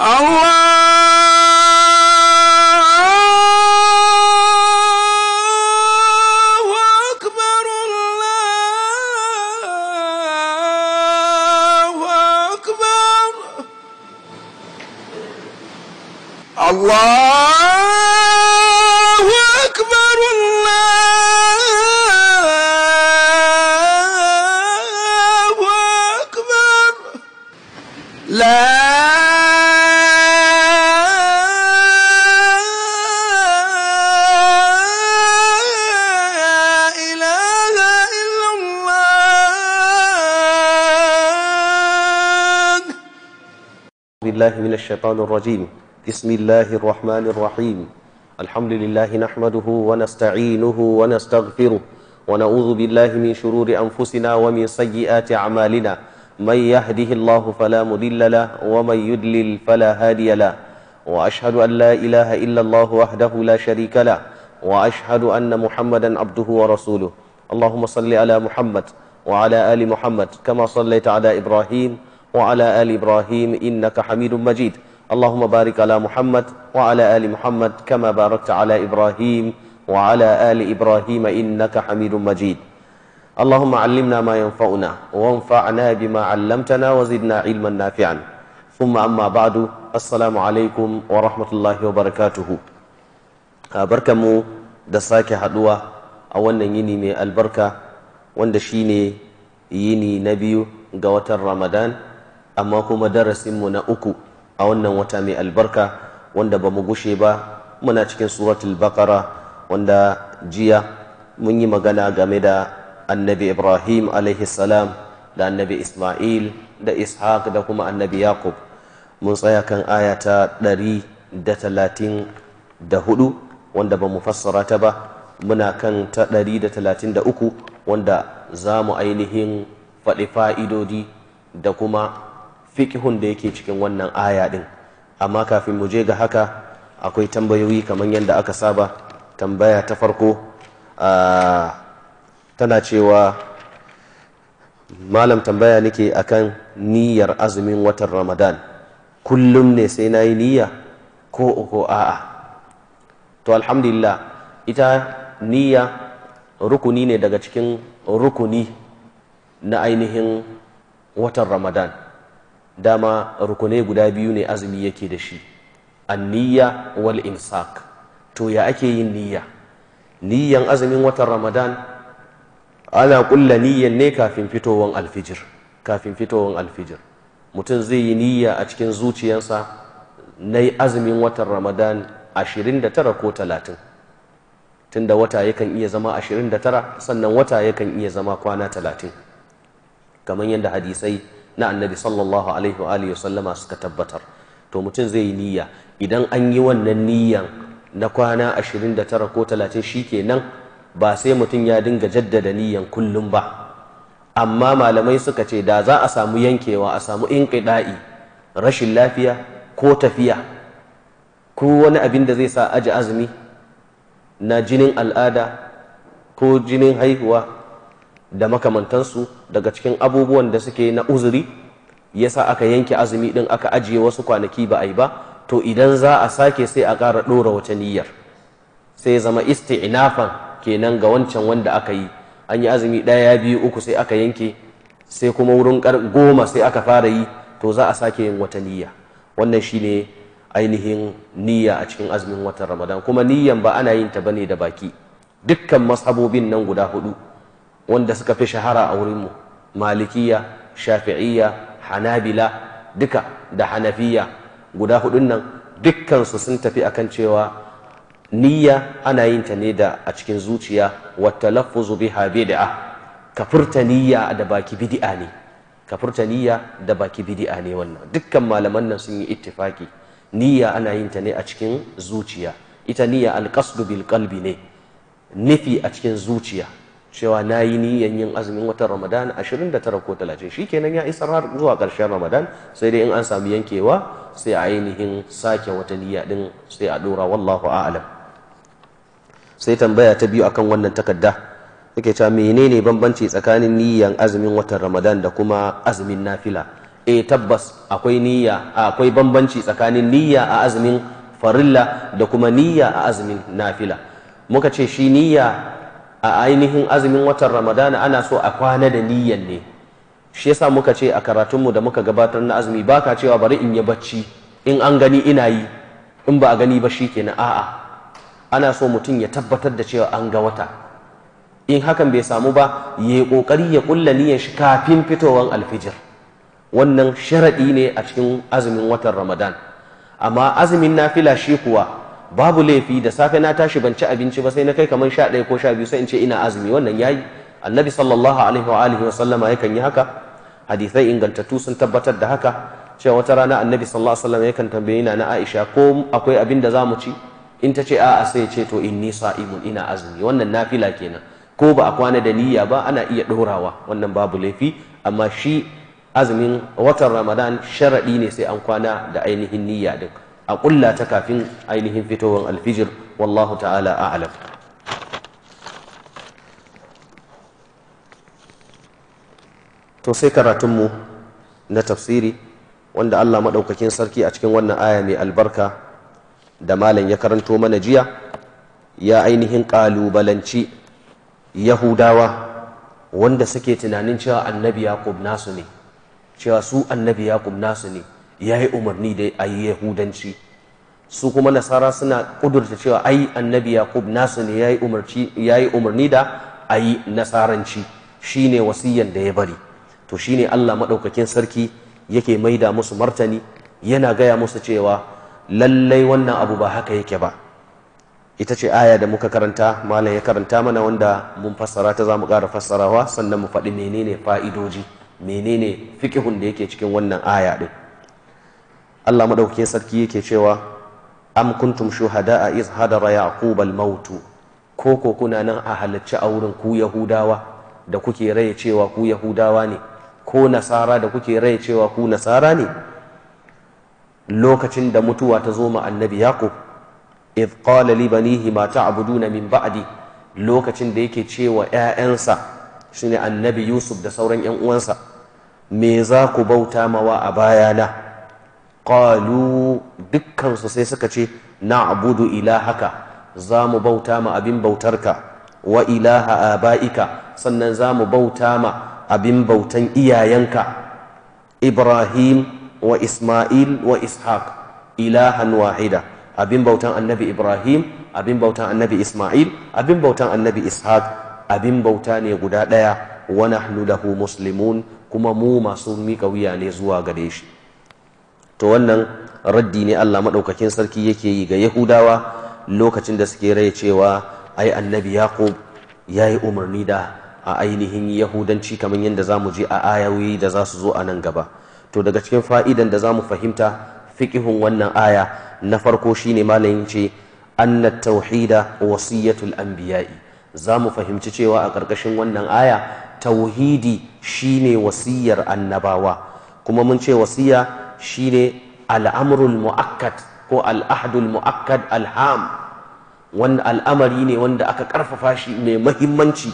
Allah الشيطان الرجيم بسم الله الرحمن الرحيم الحمد لله نحمده ونستعينه ونستغفره ونعوذ بالله من شرور أنفسنا ومن سيئات أعمالنا من يهده الله فلا مضل له ومن يدلل فلا هادي له وأشهد أن لا إله إلا الله وحده لا شريك له وأشهد أن محمدا عبده ورسوله اللهم صل على محمد وعلى آل محمد كما صليت على إبراهيم وعلى آل إبراهيم إنك حميد مجيد اللهم بارك على محمد وعلى آل محمد كما باركت على إبراهيم وعلى آل إبراهيم إنك حميد مجيد اللهم علمنا ما ينفعنا وانفعنا بما علمتنا وزدنا علما نافعا ثم أما بعد السلام عليكم ورحمة الله وبركاته بركمو دساك هدوة أولا يني من البركة واندشيني يني نبي قوة رمضان أما كما درس من أكو a wannan wata mai albarka wanda ba mu gushe ba muna cikin suratul bakara wanda jiya mun yi magana game da annabi ibrahim alaihi salam da annabi isma'il da ishaq da kuma annabi yakub mun tsaya kan aya ta 134 wanda ba mu fassara ta ba muna kan ta 133 wanda za mu ainihin faɗi fa'idodi da kuma fiqhun da yake cikin wannan aya din amma kafin mu je ga haka akwai tambayoyi kamar yadda aka saba tambaya ta farko tana cewa malam tambaya nake akan niyyar azumin watan ramadan kullum ne sai na yi niyya ko uku a'a to alhamdulillah ita niyya rukuni ne daga cikin rukuni na ainihin watan ramadan dama rukunai guda biyu ne azumi yake da shi anniya wal imsak to ya ake yin niyya niyyan azumin watan ramadan ana kulla niyyan ne kafin fitowan alfijir kafin fitowar alfijir mutum zai yi niyya a cikin zuciyarsa na azumin watan ramadan 29 ko 30 tunda wata yakan iya zama 29 sannan wata yakan iya zama kwana 30 kamar yadda hadisai na annabi sallallahu alaihi wa alihi sallama suka tabbatar to mutum zai yi niyya idan an yi wannan niyyan na kwana 29 ko 30 shikenan ba sai mutum ya dinga jaddada niyyan kullum ba amma malamai suka ce da za a samu yankewa a samu inqida'i rashin lafiya ko tafiya ko wani abin da zai sa aji azumi na jinin al'ada ko jinin haihuwa da makamantansu daga cikin abubuwan da suke na uzuri yasa aka yanke azumi din aka ajiye wasu kwanaki ba a yi ba to idan za a sake sai a ƙara ɗora wata niyyar sai zama isti'nafan kenan ga wancan wanda aka yi an yi azumi ɗaya biyu uku sai aka yanke sai kuma wurin goma sai aka fara yi to za a sake yin wata niyya wannan shine ainihin niyya a cikin azumin watan ramadan kuma niyyan ba ana yin ta ne da baki dukkan masabobin nan guda hudu wanda suka fi shahara a wurinmu malikiya shafi'iyya hanabila duka da hanafiya guda hudun nan dukkansu sun tafi akan cewa niyya ana yin ta ne da a cikin zuciya wata talaffuzu biha bid'a ka furta niyya da baki bid'a ne ka furta niyya da baki bid'a ne wannan dukkan malaman nan sun yi ittifaki niyya ana yin ta ne a cikin zuciya ita niyya alqasdu bil qalbi ne nufi a cikin zuciya cewa na yi niyan yin azumin watan ramadan 29 ko 30 shi kenan ya isar har zuwa ƙarshen ramadan sai dai in an samu yankewa sai a ainihin sake wata niyya din sai a dora wallahu a'lam sai tambaya ta biyu akan wannan takarda yake cewa menene bambanci tsakanin niyan azumin watan ramadan da kuma azumin nafila eh tabbas akwai niyya akwai bambanci tsakanin niyya a azumin farilla da kuma niyya a azumin nafila muka ce shi niyya a ainihin azumin watan ramadana ana so a kwana da niyyan ne shi yasa muka ce a karatunmu da muka gabatar na azumi baka cewa bari in yi bacci in an gani ina yi in ba a gani ba shi kenan a'a ana so mutum ya tabbatar da cewa an ga wata in hakan bai samu ba ya yi kokari ya ƙulla niyyar shi kafin fitowar alfijir wannan sharaɗi ne a cikin azumin watan ramadan amma azumin nafila shi kuwa babu laifi da safe na tashi ban ci abinci ba sai na kai kamar sha ɗaya ko sha biyu sai in ce ina azumi wannan yayi annabi sallallahu alaihi wa alihi wa sallama yakan yi haka hadisai ingantattu sun tabbatar da haka cewa wata rana annabi sallallahu alaihi wa sallama yakan tambaye na Aisha ko akwai abin da za mu ci in ta ce a'a sai ce to inni sa'imun ina azumi wannan nafila kenan ko ba a kwana da niyya ba ana iya ɗorawa wannan babu laifi amma shi azumin watan ramadan sharaɗi ne sai an kwana da ainihin niyya duk. a ƙulla ta kafin ainihin fitowar alfijir wallahu ta'ala a'lam to sai karatunmu na tafsiri wanda Allah maɗaukakin sarki a cikin wannan aya mai albarka da malam ya karanto mana jiya ya ainihin ƙalubalanci yahudawa wanda suke tunanin cewa annabi yaqub nasu ne cewa su annabi yaƙub nasu ne ya yi umarni da a yi yahudanci su kuma nasara suna kudurta cewa ai annabi yakub nasu ne ya yi umarni da a yi nasaranci shine wasiyan da ya bari to shine allah maɗaukakin sarki yake maida musu martani yana gaya musu cewa lallai wannan abu ba haka yake ba ita ce aya da muka karanta malam ya karanta mana wanda mun fassara ta zamu ƙara fassarawa sannan mu faɗi menene fa'idoji menene fiƙihun da yake cikin wannan aya ɗin Allah madaukakin sarki yake cewa am kuntum shuhada'a iz hadara yaqub al-maut ko ko kuna nan a halarci a wurin ku yahudawa da kuke raye cewa ku yahudawa ne ko nasara da kuke raye cewa ku nasara ne lokacin da mutuwa ta zo ma annabi yaqub iz qala li banihi ma ta'buduna min ba'di lokacin da yake cewa ƴaƴansa shine annabi yusuf da sauran ƴan uwansa me za ku bauta mawa a bayana qalu dukkansu sai suka ce na na'budu ilahaka za mu bauta ma abin bautarka wa ilaha abaika sannan za mu bauta ma abin bautan iyayenka ibrahim wa isma'il wa ishaq ilahan wahida abin bautan annabi ibrahim abin bautan annabi isma'il abin bautan annabi ishaq abin bauta ne guda ɗaya wa nahnu lahu muslimun kuma mu masu miƙa wuya ne zuwa gare shi to wannan raddi ne Allah maɗaukakin sarki yake yi ga Yahudawa lokacin da suke raye cewa ai annabi Yaqub ya yi umarni da a ainihin Yahudanci kamar yadda za mu je a ayoyi da za su zo a nan gaba to daga cikin fa'idan da za mu fahimta fiƙihun wannan aya na farko shine malamin ce anna tauhida wasiyatul anbiya'i za mu fahimci cewa a ƙarƙashin wannan aya tauhidi shine wasiyar annabawa kuma mun ce wasiya shine al'amrul mu'akkad ko al'ahdul mu'akkad alham wanda al'amari ne wanda aka ƙarfafa shi mai mahimmanci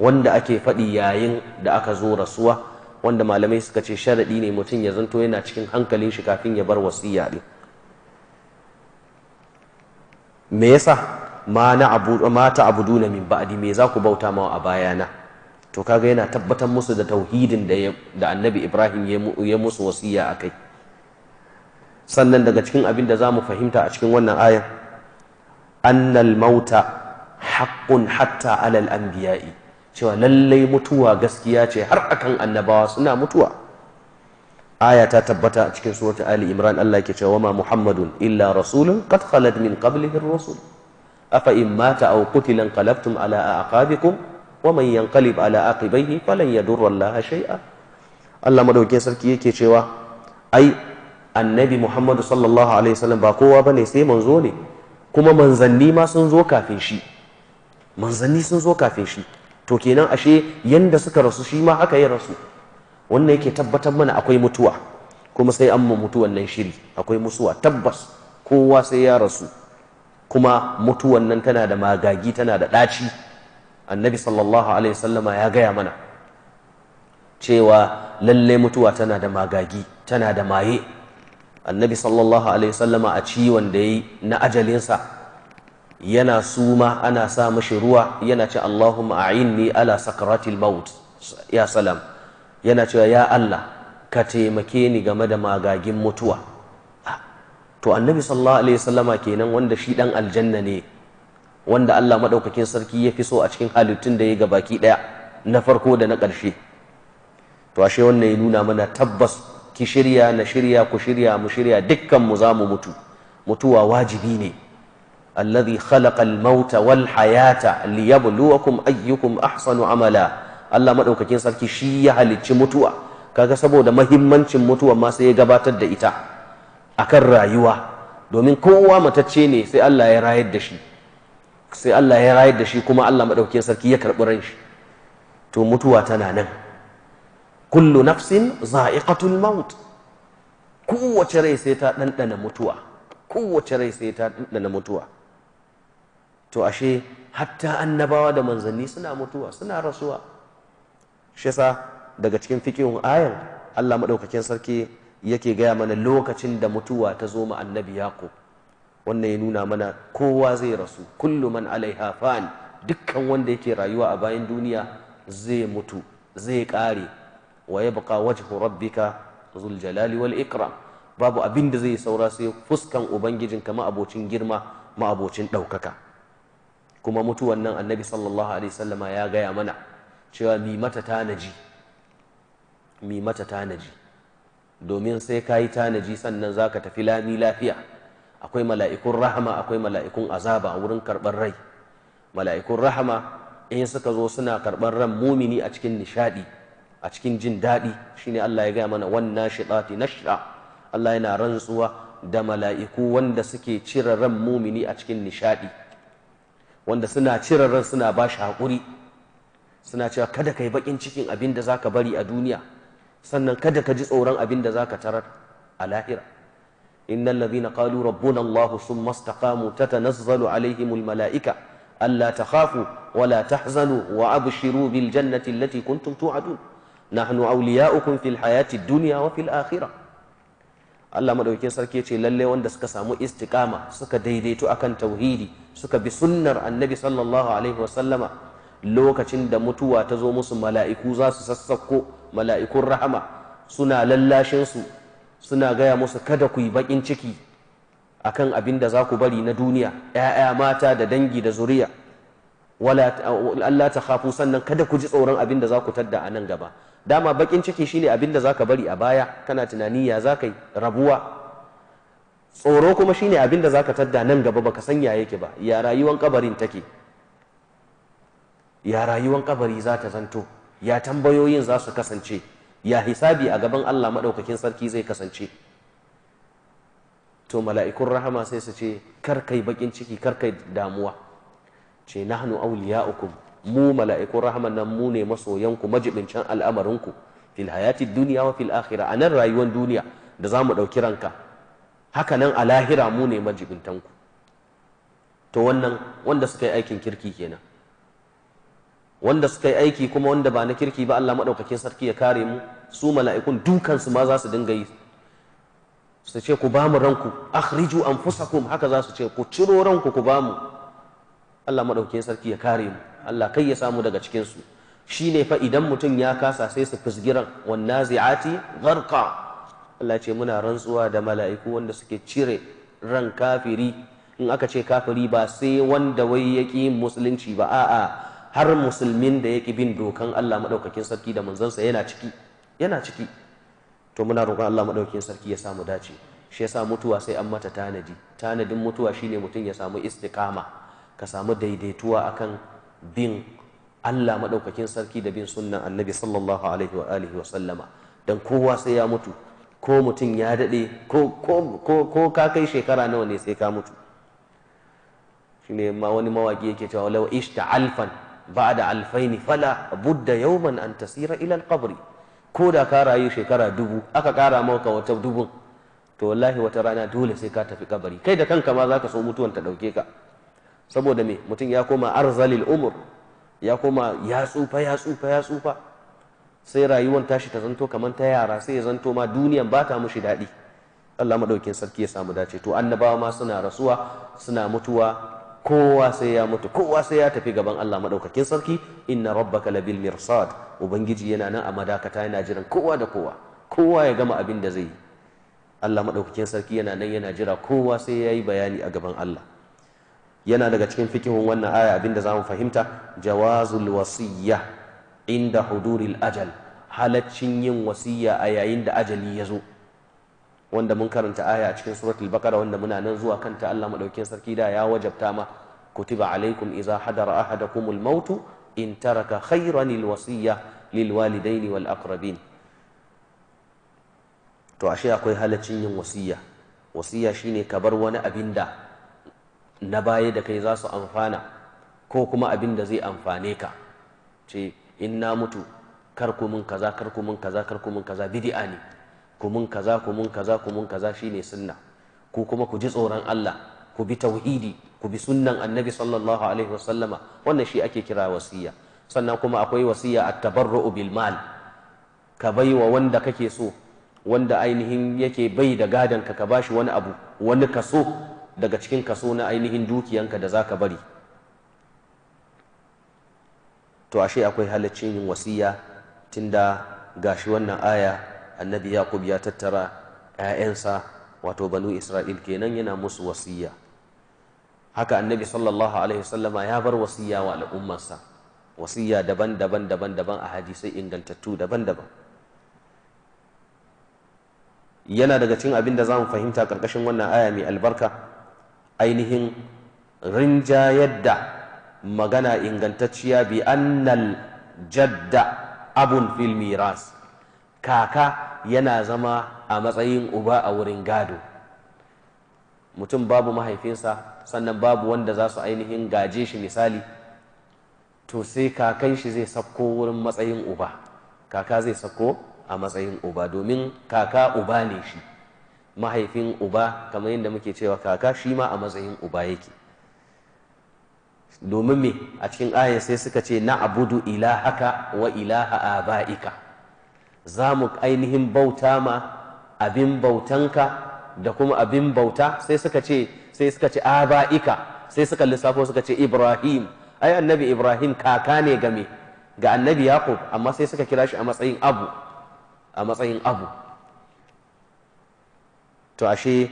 wanda ake faɗi yayin da aka zo rasuwa wanda malamai suka ce sharaɗi ne mutum ya zanto yana cikin hankalin shi kafin ya bar wasiya ɗin me yasa ma na abu ta abudu na min ba'adi me za ku bauta mawa a bayana to kaga yana tabbatar musu da tauhidin da annabi ibrahim ya musu wasiya a kai sannan daga cikin abin da za mu fahimta a cikin wannan ayan annal mauta haƙƙun hatta alal anbiya'i cewa lallai mutuwa gaskiya ce har akan annabawa suna mutuwa aya ta tabbata a cikin surat ali imran allah ke cewa ma muhammadun illa rasulun qad khalat min qablihi ar-rusul afa in mata aw qutila qalabtum ala aqabikum wa man yanqalib ala aqibaihi falan yadurra Allah shay'a Allah madaukin sarki yake cewa ai annabi Muhammadu sallallahu alaihi wasallam ba kowa bane sai manzo ne kuma manzanni ma sun zo kafin shi manzanni sun zo kafin shi to kenan ashe yanda suka rasu shi ma haka ya rasu wannan yake tabbatar mana akwai mutuwa kuma sai an mutuwan nan shiri akwai musuwa tabbas kowa sai ya rasu kuma mutuwan nan tana da magagi tana da ɗaci annabi sallallahu alaihi wasallama ya gaya mana cewa lalle mutuwa tana da magagi tana da maye annabi sallallahu alaihi wasallama a ciwon da yi na ajalinsa yana suma ana sa mashi ruwa yana ce Allahumma a'inni ala sakaratil maut ya salam yana cewa ya Allah ka taimake ni game da magagin mutuwa ah, to annabi sallallahu alaihi wasallama kenan wanda shi dan aljanna ne wanda Allah maɗaukakin sarki ya fi so a cikin halittun da ya ga baki ɗaya na farko da na ƙarshe to ashe wannan ya nuna mana tabbas ki shirya na shirya ku shirya mu shirya dukkan mu za mu mutu mutuwa wajibi ne alladhi khalaqa al-mauta wal hayata liyabluwakum ayyukum ahsanu amala Allah maɗaukakin sarki shi ya halicci mutuwa kaga saboda mahimmancin mutuwa ma sai ya gabatar da ita akan rayuwa domin kowa matacce ne sai Allah ya rayar da shi sai Allah ya rayar da shi kuma Allah madaukakin sarki ya karɓi ran shi to mutuwa tana nan kullu nafsin za'iqatul maut kowace rai sai ta ɗanɗana mutuwa kowace rai sai ta ɗanɗana mutuwa to ashe hatta annabawa da manzanni suna mutuwa suna rasuwa shi yasa daga cikin fikin ayan Allah maɗaukakin sarki yake gaya mana lokacin da mutuwa ta zo ma annabi Yaqub wannan ya nuna mana kowa zai rasu kullu man alaiha fan dukkan wanda yake rayuwa a bayan duniya zai mutu zai kare wa yabqa wajhu rabbika zul jalali wal ikram babu abin da zai saura sai fuskan ubangijin kama abocin girma ma abocin ɗaukaka kuma mutuwan nan annabi sallallahu alaihi sallama ya gaya mana cewa mi mata tanaji mi mata tanaji domin sai ka yi tanaji sannan za ka tafi lami lafiya akwai mala'ikun rahama akwai mala'ikun azaba a wurin karɓar rai mala'ikun rahama in suka zo suna karɓar ran mumini a cikin nishaɗi a cikin jin daɗi shine Allah ya gaya mana wannan shiɗati nasha Allah yana rantsuwa da mala'iku wanda suke cire ran mumini a cikin nishaɗi wanda suna cire ran suna ba shi haƙuri suna cewa kada ka yi baƙin cikin abin da za ka bari a duniya sannan kada ka ji tsoron abin da za ka tarar a lahira إن الذين قالوا ربنا الله ثم استقاموا تتنزل عليهم الملائكة ألا تخافوا ولا تحزنوا وأبشروا بالجنة التي كنتم توعدون نحن أولياؤكم في الحياة الدنيا وفي الآخرة Allah madaukakin sarki ce lalle wanda suka samu istiqama suka daidaito akan tauhidi suka bi sunnar annabi sallallahu alaihi wasallama lokacin da mutuwa ta zo musu mala'iku za su sassako mala'ikun rahama suna lallashin su suna gaya musu kada ku yi baƙin ciki kan abin da za ku bari na duniya ‘ya'ya mata da dangi da zuriya Allah ta hafu sannan kada ku ji tsoron abin da za ku tadda a nan gaba dama baƙin ciki shine abin da za ka bari a baya kana tunani ya za ka rabuwa tsoro kuma shine abin da za ka tadda nan gaba baka san ya yake ba ya rayuwan kabarin take ya rayuwan kabari za ta zanto ya tambayoyin za su kasance ya hisabi a gaban Allah maɗaukakin sarki zai kasance to mala'ikun rahama sai su ce kar kai bakin ciki kar kai damuwa ce nahnu awliya'ukum mu mala'ikun rahama nan mu ne masoyanku majibincin al'amarinku fil hayati duniya wa fil akhira a nan rayuwar duniya da za mu ɗauki ranka haka nan a lahira mu ne majibintanku to wannan wanda suka yi aikin kirki kenan wanda suka yi aiki kuma wanda ba na kirki ba Allah maɗaukakin sarki ya kare mu su mala'ikun dukansu ma za su dinga yi su ce ku bamu mu ranku akhriju anfusakum haka za su ce ku ciro ranku ku bamu. mu Allah madaukakin sarki ya kare mu Allah kai ya samu daga cikin su ne fa idan mutum ya kasa sai su fisgiran wan nazi'ati gharqa Allah ce muna rantsuwa da mala'iku wanda suke cire ran kafiri in aka ce kafiri ba sai wanda wai yaki musulunci ba a'a har musulmin da yaƙi bin dokan Allah madaukakin sarki da manzansa yana ciki yana ciki to muna roƙon Allah madaukakin sarki ya samu dace shi yasa mutuwa sai an mata tanadi tanadin mutuwa shine mutum ya samu istiqama ka samu daidaituwa akan bin Allah madaukakin sarki da bin sunnan Annabi sallallahu alaihi wa alihi wa sallama dan kowa sai ya mutu ko mutum ya dade ko ko ko, ko ka kai shekara nawa ne sai ka mutu shine ma wani mawaki yake cewa law ishta alfan ba'da alfaini fala budda yawman an tasira ila alqabri ko da ka rayu shekara dubu aka kara maka wata dubu to wallahi wata rana dole sai ka tafi kabari kai da kanka ma zaka so mutuwan ta dauke ka saboda me mutum ya koma arzalil umur ya koma ya tsufa ya tsufa ya tsufa sai rayuwar tashi ta zanto kamar ta yara sai ya zanto ma duniyan ba ta mushi daɗi Allah madaukin sarki ya samu dace to annabawa ma suna rasuwa suna mutuwa kowa sai ya mutu kowa sai ya tafi gaban Allah maɗaukakin sarki inna rabbaka labil mirsad ubangiji yana nan a madakata yana jiran kowa da kowa kowa ya gama abin da zai yi Allah maɗaukakin sarki yana nan yana jira kowa sai yayi bayani a gaban Allah yana daga cikin fikihun wannan aya abin da zamu fahimta jawazul wasiyya inda huduril ajal halaccin yin wasiyya a yayin da ajali ya zo wanda mun karanta aya a cikin suratul baqara wanda muna nan zuwa kanta Allah madaukakin sarki da ya wajabta ma kutiba alaikum idza hadara ahadakumul mautu in taraka khayran lil lilwalidaini wal aqrabin to ashe akwai halaccin yin wasiya wasiya shine ka bar wani abin da na baya da kai za su amfana ko kuma abin da zai amfane ka ce in na mutu kar mun kaza kar mun kaza kar mun kaza bid'a ne ku mun kaza ku mun kaza ku mun kaza shine sunna ku kuma ku ji tsoron Allah ku bi tauhidi ku bi sunnan annabi sallallahu alaihi wasallama wannan shi ake kira wasiya sannan kuma akwai wasiya a tabarruu bil mal ka bai wa wanda kake so wanda ainihin yake bai da gadon ka ka shi wani abu wani kaso daga cikin kaso na ainihin dukiyanka da zaka bari to ashe akwai halaccin yin wasiya tunda gashi wannan aya annabi yaqub ya tattara 'ya'yansa wato banu isra'il kenan yana musu wasiya haka annabi sallallahu alaihi wasallama ya bar wasiya wa al'ummarsa wasiya daban-daban daban-daban a hadisai ingantattu daban-daban yana daga cikin abin da za mu fahimta karkashin wannan aya mai albarka ainihin rinjayar da magana ingantacciya bi annal jadda abun fil miras kaka yana zama a matsayin uba a wurin gado mutum babu mahaifinsa sannan babu wanda za su ainihin gaje shi misali to sai kakan shi zai sakko wurin matsayin uba kaka zai sakko a matsayin uba domin kaka uba ne shi mahaifin uba kamar yadda muke cewa kaka shi ma a matsayin uba yake domin me a cikin ayan sai suka ce na abudu ilahaka wa ilaha aba'ika za mu ainihin bauta ma abin bautanka da kuma abin bauta sai suka ce sai suka ce aba'ika sai suka lissafo suka ce ibrahim ai annabi ibrahim kaka ne game ga annabi yaqub amma sai suka kira shi a matsayin abu a matsayin abu to ashe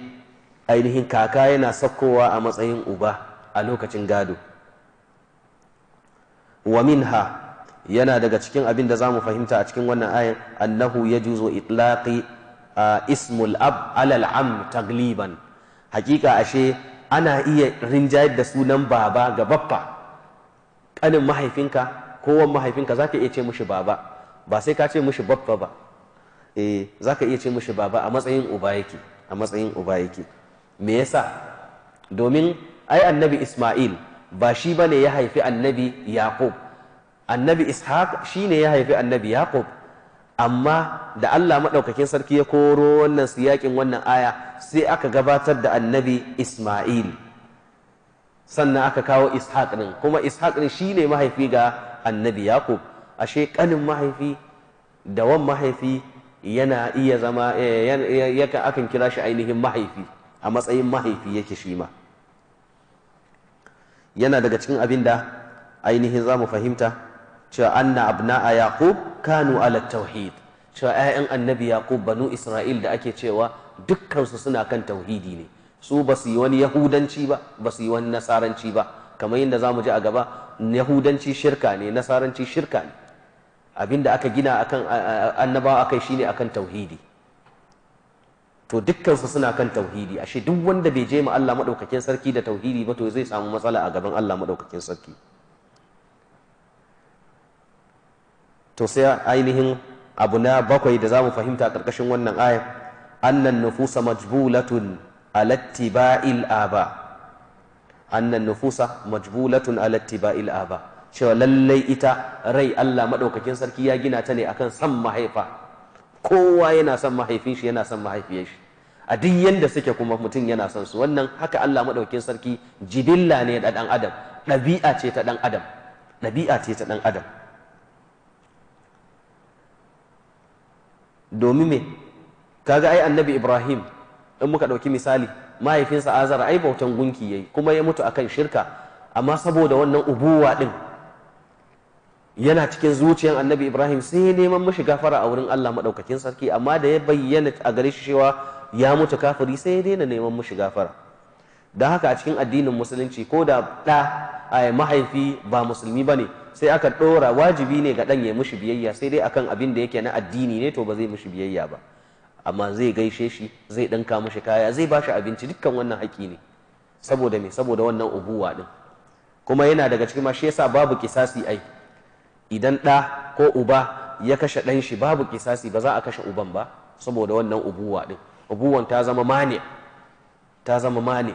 ainihin kaka yana sakkowa a matsayin uba a lokacin gado wa minha yana daga cikin abin da za mu fahimta a cikin wannan ayan annahu ya yajuzu a ismul ab alal am tagliban hakika ashe ana iya rinjayar da sunan baba ga bappa kanin mahaifinka kowan mahaifinka za ka iya ce mushi baba ba sai ka ce mushi bappa ba e za ka iya ce mushi baba a matsayin uba yake a matsayin uba yake me yasa domin ai annabi Isma'il ba shi bane ya haifi annabi Yaqub annabi ishaq shine ya haifi annabi yaqub amma da Allah maɗaukakin sarki ya koro wannan siyakin wannan aya sai aka gabatar da annabi Ismail sannan aka kawo Ishaq ɗin kuma Ishaq ɗin shi ne mahaifi ga annabi yaqub ashe ƙanin mahaifi da wan mahaifi yana iya zama eh, yakan akan kira shi ainihin mahaifi a matsayin mahaifi yake shi ma yana daga cikin abin da ainihin za mu fahimta cewa anna a yaqub kanu ala tauhid cewa yayan annabi yaqub banu isra'il da ake cewa dukkansu suna kan tauhidi ne su ba su yi wani yahudanci ba ba su yi wani nasaranci ba kamar yadda za mu ji a gaba yahudanci shirka ne nasaranci shirka ne abinda aka gina akan annabawa akai shine akan tauhidi to dukkansu suna kan tauhidi ashe duk wanda bai je ma Allah madaukakin sarki da tauhidi ba to zai samu matsala a gaban Allah madaukakin sarki to sai ainihin abu na bakwai da za mu fahimta ƙarƙashin wannan ayan annan nufusa majbulatun alattiba'il aba annan nufusa majbulatun alattiba'il aba cewa lallai ita rai Allah maɗaukakin sarki ya gina ta ne akan san mahaifa kowa yana son mahaifin shi yana son mahaifiyar shi a duk yanda suke kuma mutum yana son su wannan haka Allah maɗaukakin sarki jibilla ne da ɗan adam ɗabi'a ce ta ɗan adam ɗabi'a ce ta ɗan adam domin me kaga ai annabi ibrahim in muka ɗauki misali mahaifinsa azar ai bautan gunki yayi kuma ya mutu akan shirka amma saboda wannan ubuwa din yana cikin zuciyar annabi ibrahim sai ya neman mashi gafara a wurin allah maɗaukakin sarki amma da ya bayyana a gare shi cewa ya mutu kafiri sai ya daina neman mashi gafara don haka a cikin addinin musulunci ko da ɗa a mahaifi ba musulmi ba ne sai aka ɗora wajibi ne ga ɗan ya mushi biyayya sai dai akan abin da yake na addini ne to ba zai mushi biyayya ba amma zai gaishe shi zai ɗanka mushi kaya zai ba shi abinci dukkan wannan haƙƙi ne saboda me saboda wannan ubuwa ɗin kuma yana daga cikin ma shi yasa babu kisasi ai idan ɗa ko uba ya kashe ɗan shi babu kisasi ba za a kashe uban ba saboda wannan ubuwa ɗin ubuwan ta zama mani ta zama mani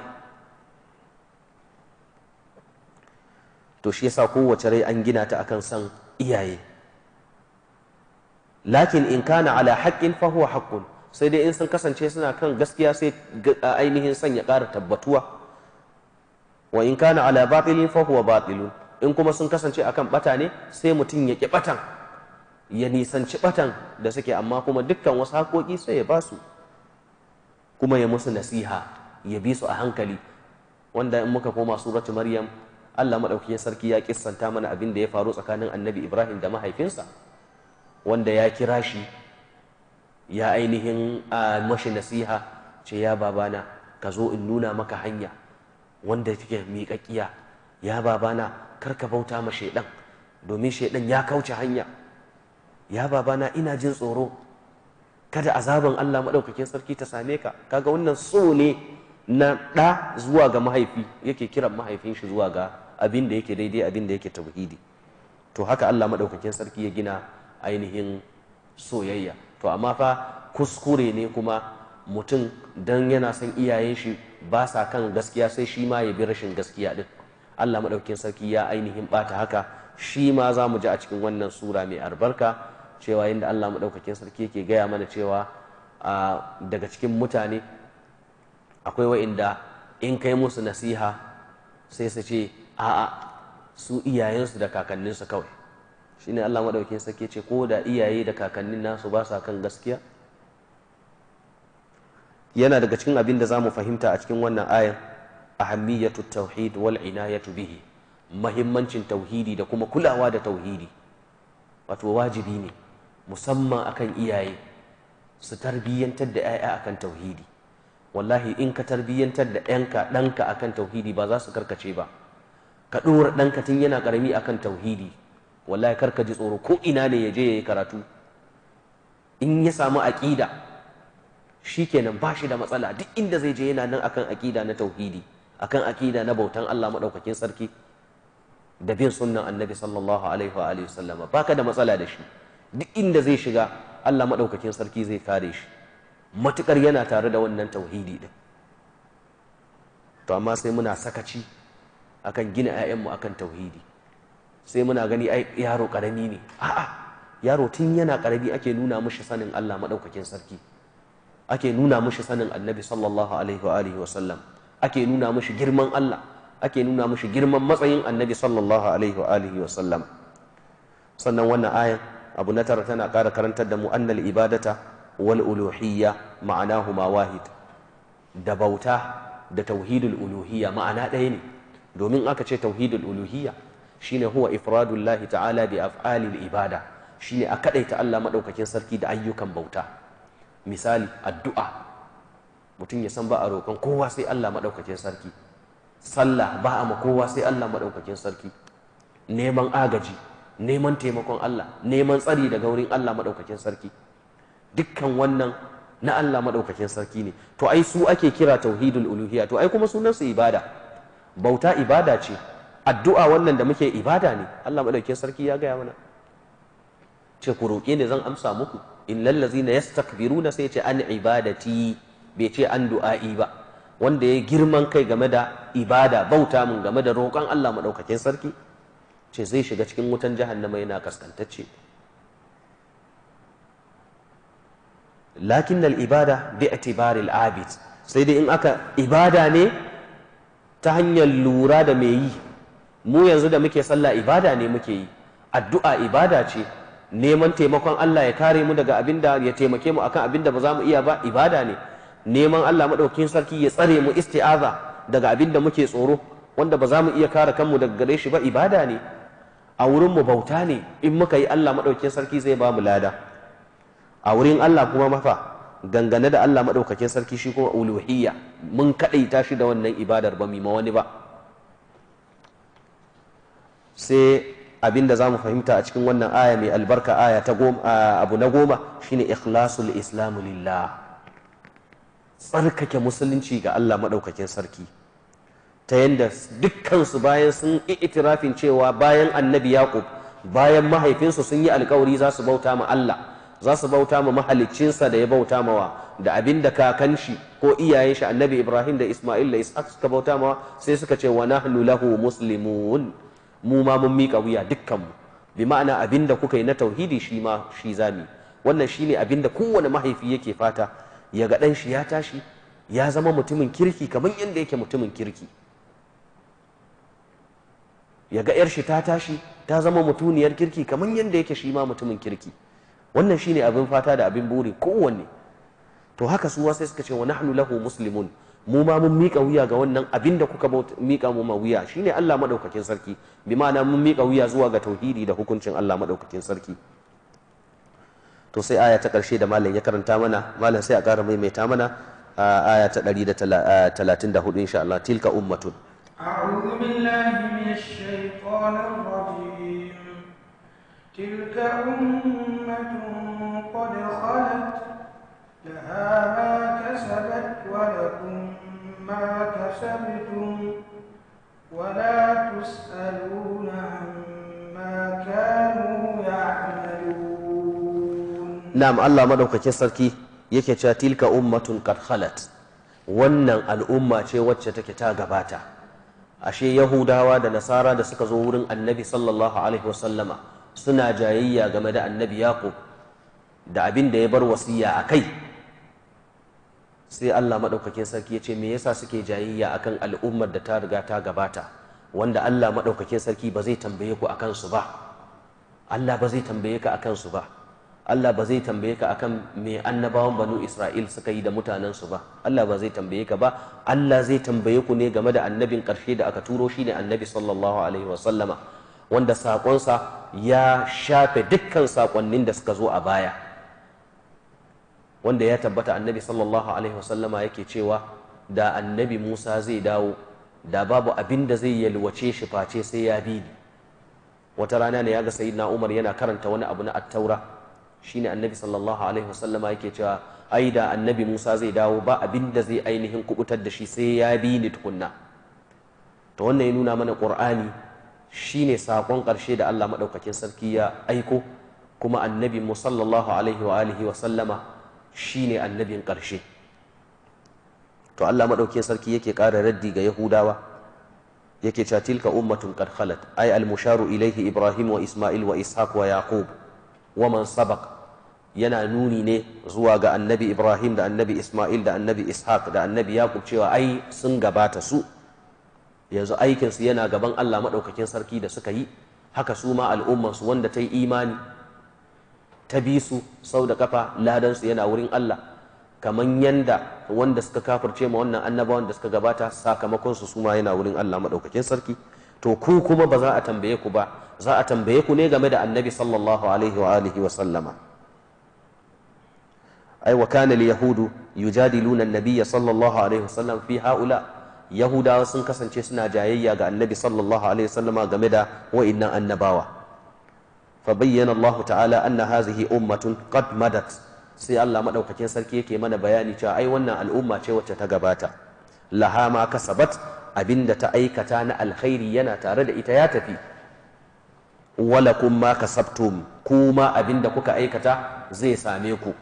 to shi yasa kowace rai an gina ta akan san iyaye lakin in kana ala haqqin fa huwa haqqun sai dai in sun kasance suna kan gaskiya sai ainihin san ya ƙara tabbatuwa wa in kana ala batilin fa huwa batilun in kuma sun kasance akan bata ne sai mutum ya ƙi batan ya nisanci batan da suke amma kuma dukkan wasu haƙoƙi sai ya basu kuma ya musu nasiha ya bi su a hankali wanda in muka koma suratu maryam Allah maɗaukakin sarki ya kissanta mana abin da ya faru tsakanin annabi Ibrahim da mahaifinsa wanda ya kira shi ya ainihin a mashi nasiha ce ya babana ka zo in nuna maka hanya wanda take miƙaƙiya ya babana kar ka bauta ma shaidan domin shaidan ya kauce hanya ya babana ina jin tsoro kada azaban Allah maɗaukakin sarki ta same ka kaga wannan so ne na ɗa zuwa ga mahaifi yake kiran mahaifin shi zuwa ga abin da yake daidai abin da yake tauhidi to haka Allah madaukakin sarki ya gina ainihin soyayya to amma fa kuskure ne kuma mutum dan yana son iyayen shi ba sa kan gaskiya sai shi ma ya bi rashin gaskiya din Allah madaukakin sarki ya ainihin bata haka shi ma za mu ji a cikin wannan sura mai albarka cewa yadda Allah madaukakin sarki yake gaya mana cewa daga cikin mutane akwai wa'inda in kai musu nasiha sai su ce a'a su iyayensu da kakanninsu kawai shine Allah maɗaukin sake ce ko da iyaye da kakannin nasu ba sa kan gaskiya yana daga cikin abin da za mu fahimta a cikin wannan ayan ahammiyatu tauhid wal inayatu bihi mahimmancin tauhidi da kuma kulawa da tauhidi wato wajibi ne musamman akan iyaye su tarbiyyantar da 'ya'ya akan tauhidi wallahi in ka tarbiyyantar da 'yanka ɗanka akan tauhidi ba za su karkace ba ka ɗora ɗanka tun yana ƙarami akan tauhidi wallahi kar ka ji tsoro ko ina ne ya je ya yi karatu in ya samu aƙida shikenan ba shi da matsala duk inda zai je yana nan akan aƙida na tauhidi akan aƙida na bautan Allah maɗaukakin sarki da bin sunnan annabi sallallahu alaihi wa sallama ba baka da matsala da shi duk inda zai shiga Allah maɗaukakin sarki zai kare shi matuƙar yana tare da wannan tauhidi ɗin to amma sai muna sakaci akan gina mu akan tauhidi sai muna gani ai yaro karami ne a'a yaro tun yana karami ake nuna mishi sanin Allah madaukakin sarki ake nuna mishi sanin annabi sallallahu alaihi wa alihi wasallam ake nuna mishi girman Allah ake nuna mishi girman matsayin annabi sallallahu alaihi wa alihi wasallam sannan wannan ayan abu na tara tana ƙara karantar da mu annal ibadata wal uluhiyya ma'anahuma wahid da bauta da tauhidul uluhiyya ma'ana ɗaya ne domin aka ce tauhidul uluhiyya shine huwa ifradullahi ta'ala bi af'alil ibada shine a kaɗai ta Allah maɗaukakin sarki da ayyukan bauta misali addu'a mutum ya san ba a roƙon kowa sai Allah madaukakin sarki sallah ba a ma kowa sai Allah madaukakin sarki neman agaji neman taimakon Allah neman tsari daga wurin Allah madaukakin sarki dukkan wannan na Allah maɗaukakin sarki ne to ai su ake kira tauhidul uluhiyya to ai kuma sunan su ibada bauta ibada ce addu'a wannan da muke ibada ne Allah madaukakin sarki ya gaya mana ce ku roƙe ne zan amsa muku in illal ladzina na sai ce an ibadati bai ce an du'a'i ba wanda ya girman kai game da ibada bauta mun game da roƙon Allah madaukakin sarki ce zai shiga cikin wutan jahannama yana kaskantacce lakin al ibada bi itibaril al abid sai dai in aka ibada ne ta hanyar lura da mai yi mu yanzu da muke sallah ibada ne muke yi addu'a ibada ce neman taimakon Allah ya kare mu daga abin da ya taimake mu akan abin da ba za mu iya ba ibada ne neman Allah maɗaukin sarki ya tsare mu isti'aza daga abin da muke tsoro wanda ba za mu iya kare kanmu daga gare shi ba ibada ne a wurin mu bauta ne in muka yi Allah maɗaukin sarki zai ba mu lada a wurin Allah kuma mafa dangane da Allah maɗaukakin sarki shi kuma uluhiyya mun kaɗaita shi da wannan ibadar ba ma wani ba sai abin da za mu fahimta a cikin wannan aya mai albarka aya ta abu na goma shine ikhlasul islamu lillah tsarkake musulunci ga Allah maɗaukakin sarki ta yadda dukkansu bayan sun itirafin cewa bayan annabi yaƙub bayan mahaifinsu sun yi alkawari za su bauta ma Allah za su bauta ma mahaliccinsa da ya bauta mawa da abin da kakan shi ko iyayen shi annabi ibrahim da isma'il da ishaq suka bauta mawa sai suka ce wa nahnu lahu muslimun mu ma mun mika wuya dukkan mu bi ma'ana abin da kuka yi na tauhidi shi ma shi zami wannan shine abin da kowane mahaifi yake fata ya ga ɗan shi ya tashi ya zama mutumin kirki kamar yadda yake mutumin kirki ya ga 'yar shi ta tashi ta zama mutuniyar kirki kamar yadda yake shi ma mutumin kirki wannan shine abin fata da abin buri kowanne to haka su sai suka ce wa nahnu lahu muslimun mu ma mun mika wuya ga wannan abin da kuka mika mu ma wuya shine Allah madaukakin sarki bi ma'ana mun mika wuya zuwa ga tauhidi da hukuncin Allah madaukakin sarki to sai aya ta karshe da malam ya karanta mana malam sai a ƙara maimaita mana aya ta 134 insha Allah tilka ummatun a'udhu billahi tilka ummatun قالت لها ما كسبت ولكم ما كسبتم ولا تسألون عما كانوا يعملون نعم الله مدوك كسركي yake cewa tilka ummatun qad khalat wannan al'umma ce wacce take ta gabata ashe yahudawa da nasara da suka zo wurin annabi sallallahu alaihi wasallama suna jayayya game da annabi yaqub da abin da ya bar wasiya a kai sai Allah maɗaukakin sarki ya ce me yasa suke jayayya akan al'ummar da ta riga ta gabata wanda Allah maɗaukakin sarki ba zai tambaye ku akan su ba Allah ba zai tambaye ka akan su ba Allah ba zai tambaye ka akan me annabawan banu Isra'il suka yi da mutanensu su ba Allah ba zai tambaye ka ba Allah zai tambaye ku ne game da annabin ƙarshe da aka turo shi ne annabi sallallahu alaihi wa sallama wanda saƙonsa ya shafe dukkan saƙonnin da suka zo a baya wanda ya tabbata annabi sallallahu alaihi wasallama yake cewa da annabi Musa zai dawo da babu abin da zai yalwace shi face sai ya bi ni wata rana ne ya ga sayyidina Umar yana karanta wani abu na attaura shine annabi sallallahu alaihi wasallama yake cewa ai da annabi Musa zai dawo ba abin da zai ainihin kubutar da shi sai ya bi ni tukunna to wannan ya nuna mana Qur'ani shine sakon karshe da Allah madaukakin sarki ya aiko kuma annabi mu sallallahu alaihi wa alihi wa sallama shine annabin ƙarshe to Allah maɗaukin sarki yake ƙara raddi ga Yahudawa yake cewa tilka ummatun qad khalat ay al musharu ilaihi ibrahim wa isma'il wa ishaq wa yaqub wa man sabaq yana nuni ne zuwa ga annabi ibrahim da annabi isma'il da annabi ishaq da annabi yaqub cewa ai sun gabata su yanzu aikinsu yana gaban Allah maɗaukakin sarki da suka yi haka su ma al'ummarsu wanda ta yi imani ta bi su sau da kafa ladansu yana wurin Allah kamar yanda wanda suka kafirce ma wannan annabawan da suka gabata sakamakon su suma yana wurin Allah madaukakin sarki to ku kuma ba za a tambaye ku ba za a tambaye ku ne game da annabi sallallahu alaihi wa alihi wa sallama ai wa kana al yahudu yujadiluna an-nabiyya sallallahu alaihi wa sallam fi haula yahudawa sun kasance suna jayayya ga annabi sallallahu alaihi wa sallama game da wa'innan annabawa fa bayyana Allah ta'ala anna hazihi ummatun qad madat sai Allah maɗaukacin sarki yake mana bayani cewa ai wannan al'umma ce wacce ta gabata laha ma kasabat abinda ta aikata na alkhairi yana tare da ita ya tafi walakum ma kasabtum kuma abinda kuka aikata zai same ku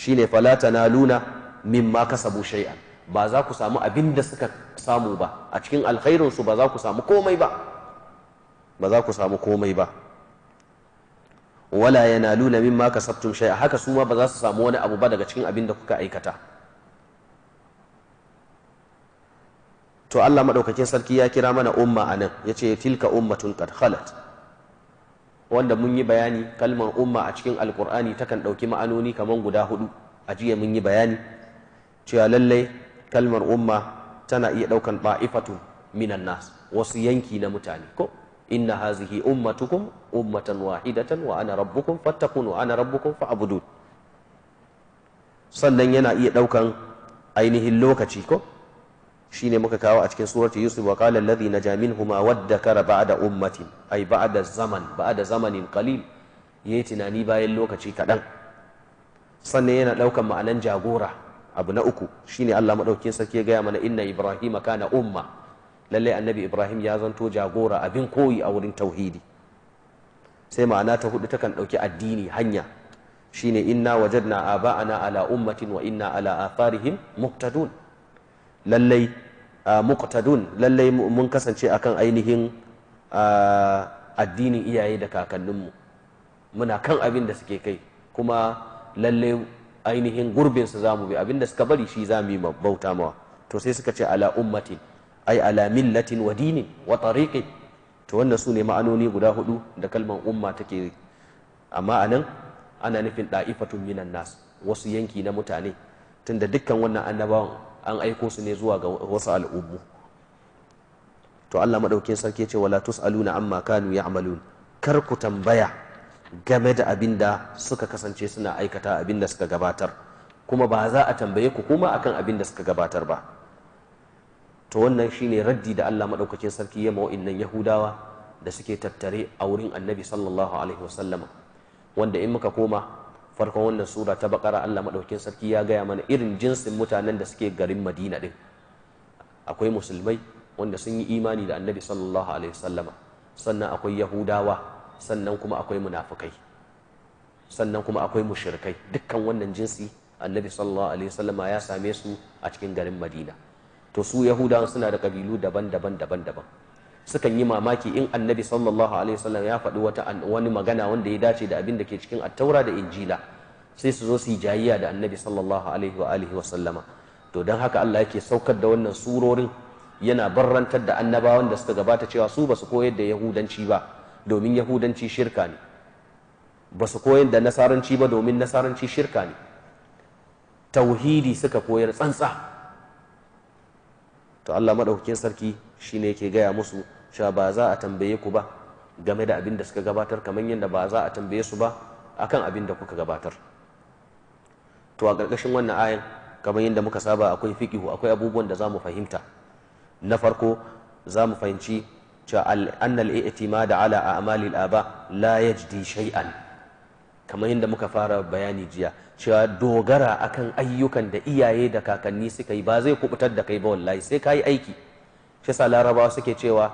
shine fala tanaluna mimma kasabu shay'an ba za ku samu abinda suka samu ba a cikin alkhairin su ba za ku samu komai ba ba za ku samu komai ba wala yana min ma kasabtum shay'a haka su ma ba za su samu wani abu ba daga cikin abin da kuka aikata to Allah madaukakin sarki ya kira mana umma a nan anan yace tilka ummatun qad khalat wanda mun yi bayani kalmar umma a cikin alkur'ani takan ɗauki ma'anoni kamar guda hudu a jiya mun yi bayani cewa lallai kalmar umma tana iya ɗaukan ba'ifatu minan nas wasu yanki na mutane ko inna hazihi ummatukum ummatan wahidatan wa ana rabbukum fattaqun wa ana rabbukum fa'budun sannan yana iya ɗaukan ainihin lokaci ko shine muka kawo a cikin surati yusuf wa qala alladhi naja minhuma waddakara ba'da ummatin ay ba'da zaman ba'da zamanin qalil yayi tunani bayan lokaci kaɗan sannan yana ɗaukan ma'anan jagora abu na uku shi ne Allah madaukin sarki ya gaya mana inna ibrahima kana umma lallai annabi ibrahim ya zanto jagora abin koyi a wurin tauhidi sai ma'ana ta hudu takan ɗauki addini hanya shine inna wajadna aba'ana ala ummatin wa inna ala afarihim muqtadun lallai muqtadun lallai mun kasance akan ainihin addinin iyaye da kakanninmu muna kan abin da suke kai kuma lallai ainihin gurbinsu za mu bi abin da suka bari shi za yi bauta mawa to sai suka ce ala ummatin ai ala millatin wa dinin wa tariqin to wannan su ne ma'anoni guda hudu da kalmar umma take amma anan ana nufin da'ifatun minan nas wasu yanki na mutane tunda dukkan wannan annabawan an aiko su ne zuwa ga wasu al'ummu to Allah madaukin sarki ce wala tusaluna amma kanu ya'malun kar ku tambaya game da abin da suka kasance suna aikata abin da suka gabatar kuma ba za a tambaye ku kuma akan abin da suka gabatar ba to wannan shine raddi da Allah madaukakin sarki ya ma wa'annan yahudawa da suke tattare a wurin annabi sallallahu alaihi wasallama wanda in muka koma farkon wannan sura ta bakara Allah madaukakin sarki ya gaya mana irin jinsin mutanen da suke garin Madina din akwai musulmai wanda sun yi imani da annabi sallallahu alaihi wasallama sannan akwai yahudawa sannan kuma akwai munafukai sannan kuma akwai mushrikai dukkan wannan jinsi annabi sallallahu alaihi wasallama ya same su a cikin garin Madina to su yahudawan suna da kabilu daban-daban daban-daban sukan yi mamaki in annabi sallallahu alaihi wasallam ya faɗi wata wani magana wanda ya dace da abin da ke cikin attaura da injila sai su zo su yi jayayya da annabi sallallahu alaihi wa alihi wasallama to don haka Allah yake saukar da wannan surorin yana barrantar da annabawan da suka gabata cewa su basu koyar da yahudanci ba domin yahudanci shirka ne basu koyar da nasaranci ba domin nasaranci shirka ne tauhidi suka koyar tsantsa to Allah madaukakin sarki shine yake gaya musu cewa ba za a tambaye ku ba game da abin da suka gabatar kamar yadda ba za a tambaye su ba akan abin da kuka gabatar to a ƙarƙashin wannan ayan kamar yadda muka saba akwai fiqihu akwai abubuwan da za mu fahimta na farko za mu fahimci cewa annal i'timad ala a'malil aba la yajdi shay'an kamar yadda muka fara bayani jiya cewa dogara akan ayyukan da iyaye da kakanni suka yi ba zai kubutar da kai ba wallahi sai ka yi aiki shi sa larabawa suke cewa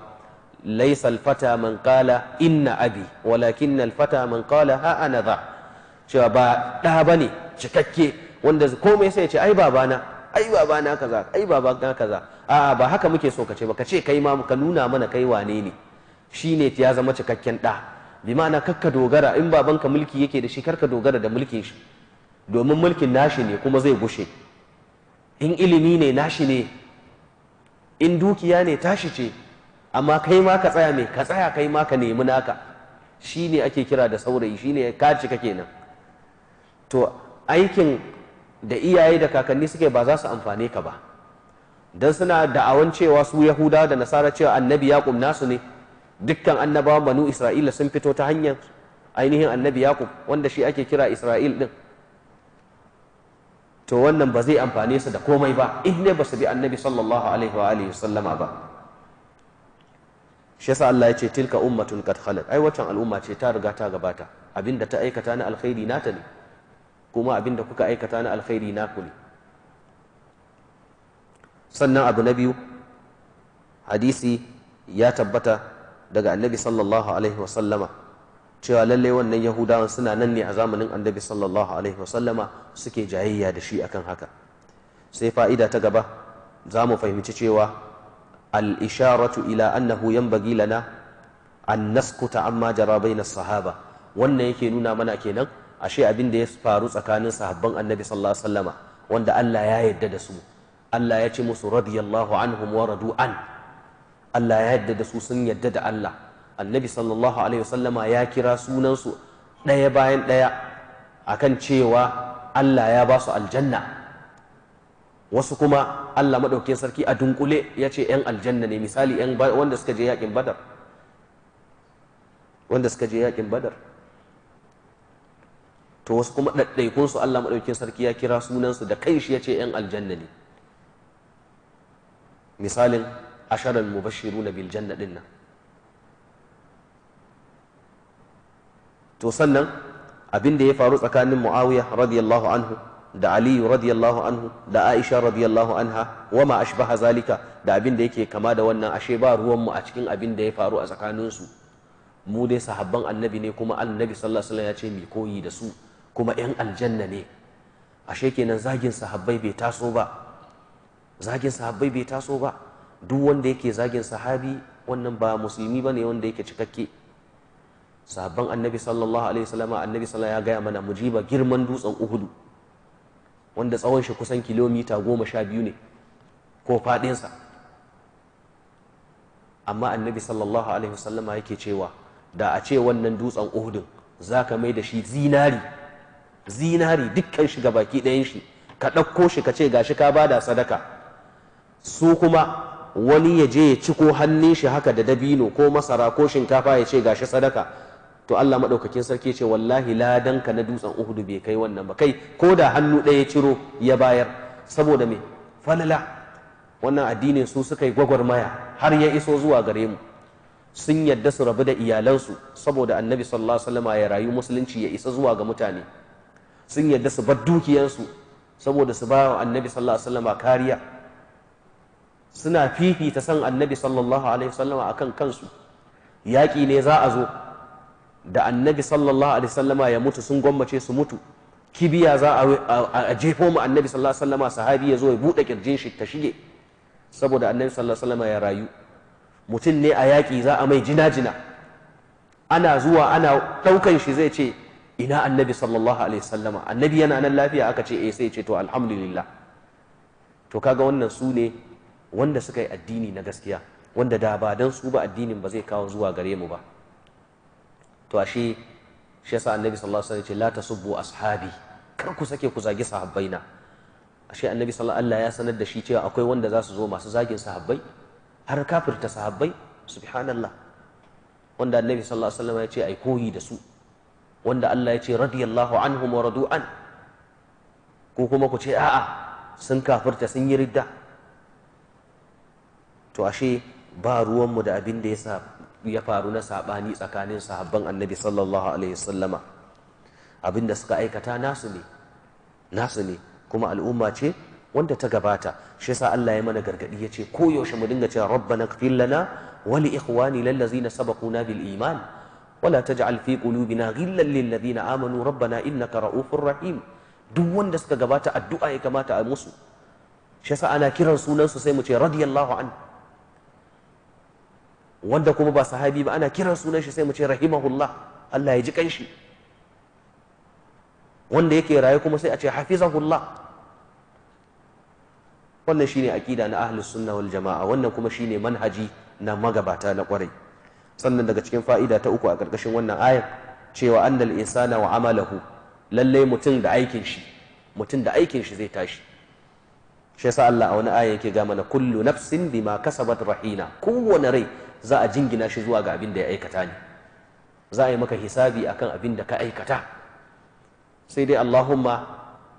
laisa alfata man qala inna abi walakin alfata man qala ha ana za cewa ba da bane cikakke wanda komai sai ya ce ai babana ai babana kaza ai babana kaza a ba haka muke so ka ce ba ka ce kai ma ka nuna mana kai wane ne shine ya zama cikakken da bi ma'ana kakka dogara in babanka mulki yake da shi karka dogara da mulkin shi domin mulkin nashi ne kuma zai gushe in ilimi ne nashi ne in dukiya ne tashi ce amma kai ma ka tsaya mai ka tsaya kai ma ka nemi naka shi ake kira da saurayi shine ne ka kenan to aikin da iyaye da kakanni suke ba za su amfane ka ba don suna da'awan cewa su yahuda da nasara cewa annabi ya nasu ne dukkan annabawan banu isra'ila sun fito ta hanyar ainihin annabi yakub wanda shi ake kira isra'il din to wannan ba zai amfane su da komai ba in ne ba su bi annabi sallallahu alaihi wa alihi sallama ba shi yasa Allah ya ce tilka ummatun qad khalat ai wacan al'umma ce ta riga ta gabata abinda ta aikata na alkhairi nata ne kuma abinda kuka aikata na alkhairi naku ne sannan abu na biyu hadisi ya tabbata daga annabi sallallahu alaihi wasallama cewa lallai wannan yahudawan suna nan ne a zamanin annabi sallallahu alaihi wasallama suke jayayya da shi akan haka sai fa'ida ta gaba za mu fahimci cewa al-isharatu ila annahu yanbaghi lana an naskuta amma jara baina sahaba wannan yake nuna mana kenan ashe abin da ya faru tsakanin sahabban annabi sallallahu alaihi wasallama wanda Allah ya yarda da su Allah ya ce musu radiyallahu anhum wa radu an Allah ya yadda da su sun yadda da Allah annabi sallallahu alaihi wasallama ya kira sunansu ɗaya bayan ɗaya akan cewa Allah ya ba su aljanna wasu kuma Allah maɗaukin sarki a dunkule ya ce 'yan aljanna ne misali wanda suka je yaƙin badar wanda suka je yaƙin badar to wasu kuma ɗaɗɗaikun su Allah maɗaukin sarki ya kira sunansu da kanshi ya ce 'yan aljanna ne misalin asharar mubashiru na biljanna na nan to sannan abinda ya faru tsakanin muawiya radiyallahu anhu da aliyu radiyallahu anhu da aisha radiyallahu anha wa ma ashbaha zalika da abinda yake kama da wannan ashe ba ruwanmu a cikin abinda ya faru a tsakaninsu mu dai sahabban annabi ne kuma annabi sallallahu alaihi ya ce mi koyi da su kuma yan aljanna ne ashe kenan zagin sahabbai bai taso ba zagin sahabbai bai taso ba duk wanda yake zagin sahabi wannan ba musulmi ba ne wanda yake cikakke sabon annabi sallallahu alaihi wasallam annabi sallallahu ya gaya mana mujiba girman dutsen uhudu wanda tsawon shi kusan kilomita goma sha biyu ne ko faɗinsa amma annabi sallallahu alaihi wasallama yake cewa da a ce wannan dutsen uhudun za ka mai da shi zinari zinari dukkan shi baki ɗayan shi ka ɗauko shi ka ce ga shi ka bada sadaka su kuma wani ya je ya ci ko hannun shi haka da dabino ko masara ko shinkafa ya ce ga shi sadaka to Allah maɗaukakin sarki ce wallahi ladanka na dutsen Uhudu bai kai wannan ba kai ko da hannu ɗaya ciro ya bayar saboda me falala wannan addinin su suka yi gwagwarmaya har ya iso zuwa gare mu sun yadda su rabu da iyalansu saboda annabi sallallahu alaihi wasallam ya rayu musulunci ya isa zuwa ga mutane sun yadda su bar dukiyansu saboda su ba annabi sallallahu kariya suna fifita san annabi sallallahu alaihi a kan kansu yaƙi ne za a zo da annabi sallallahu alaihi sallama ya mutu sun gwammace su mutu kibiya za a jefo mu annabi sallallahu alaihi sallama sahabi ya zo ya buɗe ƙirjin shi ta shige saboda annabi sallallahu alaihi sallama ya rayu mutum ne a yaƙi za a mai jina-jina ana zuwa ana ɗaukan shi zai ce ina annabi sallallahu alaihi sallama annabi yana nan lafiya aka ce eh sai ce to alhamdulillah to kaga wannan su ne wanda suka yi addini na gaskiya wanda da ba dan su ba addinin ba zai kawo zuwa gare mu ba to ashe shi yasa annabi sallallahu alaihi wasallam ce la tasubbu ashabi kar ku sake ku zagi na ashe annabi sallallahu alaihi ya sanar da shi cewa akwai wanda za su zo masu zagin sahabbai har kafirta sahabbai subhanallah wanda annabi sallallahu alaihi wasallam ya ce ai koyi da su wanda Allah ya ce radiyallahu anhum wa radu an ko kuma ku ce a'a sun kafirta sun yi ridda to ashe ba ruwanmu da abin da ya faru na saɓani tsakanin sahabban annabi sallallahu alaihi abin da suka aikata nasu ne nasu ne kuma al'umma ce wanda ta gabata shi yasa Allah ya mana gargadi yace ko yaushe mu dinga cewa rabbana ighfir lana wa li ikhwani lallazina sabaquna bil iman wala taj'al fi qulubina ghillan lil ladina amanu rabbana innaka ra'ufur rahim duk wanda suka gabata addu'a ya kamata a musu shi yasa ana kiran sunan su sai mu ce radiyallahu anhu wanda kuma ba sahabi ba ana kiran sunan shi sai mu ce rahimahullah Allah ya ji kanshi wanda yake raye kuma sai a ce hafizahullah wannan shine akida na ahlus sunna wal jamaa wannan kuma shine manhaji na magabata na kwarai sannan daga cikin fa'ida ta uku a karkashin wannan ayar cewa annal insana wa amalahu lalle mutum da aikin shi mutum da aikin shi zai tashi shi yasa Allah a wani aya yake ga mana kullu nafsin bima kasabat rahina kowane rai za a jingina shi zuwa ga abin da ya aikata ne za a yi maka hisabi akan abin da ka aikata sai dai Allahumma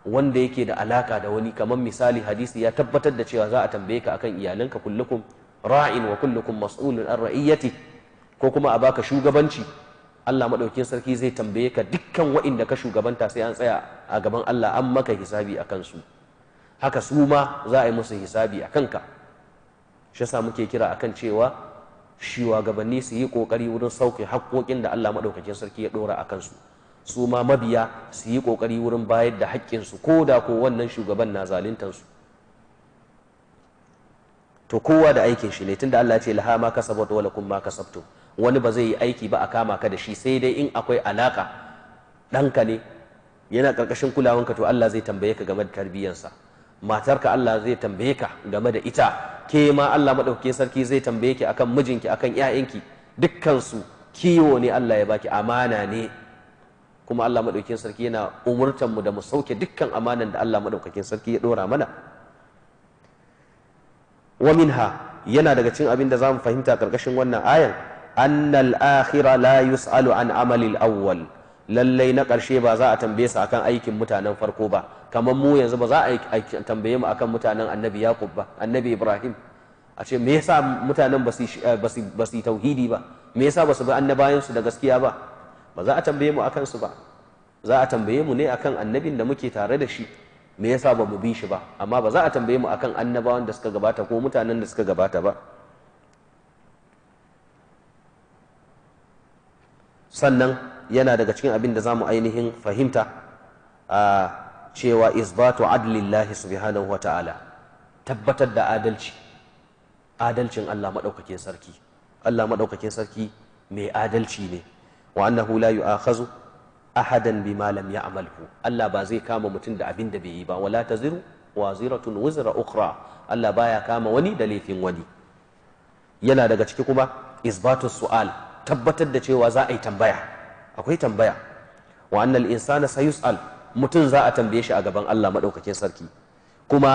wanda yake da alaka da wani kamar misali hadisi ya tabbatar da cewa za a tambaye ka akan iyalanka kullukum ra'in wa kullukum mas'ulun an ra'iyyati ko kuma a baka shugabanci Allah madaukin sarki zai tambaye ka dukkan wa'inda ka shugabanta sai an tsaya a gaban Allah an maka hisabi akan su haka su ma za a yi musu hisabi akan ka shi yasa muke kira akan cewa shugabanni su yi kokari wurin sauke haƙƙoƙin da Allah maɗaukakin sarki ya ɗora a kansu su ma mabiya su yi kokari wurin bayar da haƙƙinsu ko da ko wannan shugaban na su. to kowa da aikin shi ne tunda Allah ce laha ma kasabat wala kum ma kasabtu wani ba zai yi aiki ba a kama ka da shi sai dai in akwai alaka ɗanka ne yana ƙarƙashin kulawanka to Allah zai tambaye ka game da tarbiyyansa matarka Allah zai tambaye ka game da ita ke ma Allah maɗaukakin sarki zai tambaye ki akan mijinki akan ƴaƴanki dukkansu kiwo ne Allah ya baki amana ne kuma Allah maɗaukakin sarki yana umurtan mu da mu sauke dukkan amanan da Allah maɗaukakin sarki ya ɗora mana wa minha yana daga cikin abin da za mu fahimta karkashin wannan ayan annal akhira la yus'alu an amalil awwal lallai na ƙarshe ba za a tambaye su akan aikin mutanen farko ba kamar mu yanzu ba za a tambaye mu akan mutanen annabi yaqub ba annabi ibrahim a ce me yasa mutanen ba su eh, tauhidi ba me yasa ba su bi su da gaskiya ba ba za a tambaye mu akan su ba za a tambaye mu ne akan annabin da muke tare da shi me yasa ba mu bi shi ba amma ba za a tambaye mu akan annabawan da suka gabata ko mutanen da suka gabata ba sannan yana daga cikin abin da za mu ainihin fahimta ah, cewa isbatu adlillahi subhanahu wa ta'ala tabbatar da adalci adalcin Allah madaukakin sarki Allah madaukakin sarki mai adalci ne wa annahu la yu'akhazu ahadan bima lam ya'malhu Allah ba zai kama mutum da abin da bai yi ba wala taziru waziratun wizra ukhra Allah baya kama wani da laifin wani yana daga ciki kuma isbatu su'al tabbatar da cewa za a yi tambaya akwai tambaya wa annal insana sayus'al mutum za a tambaye shi a gaban Allah maɗaukakin sarki kuma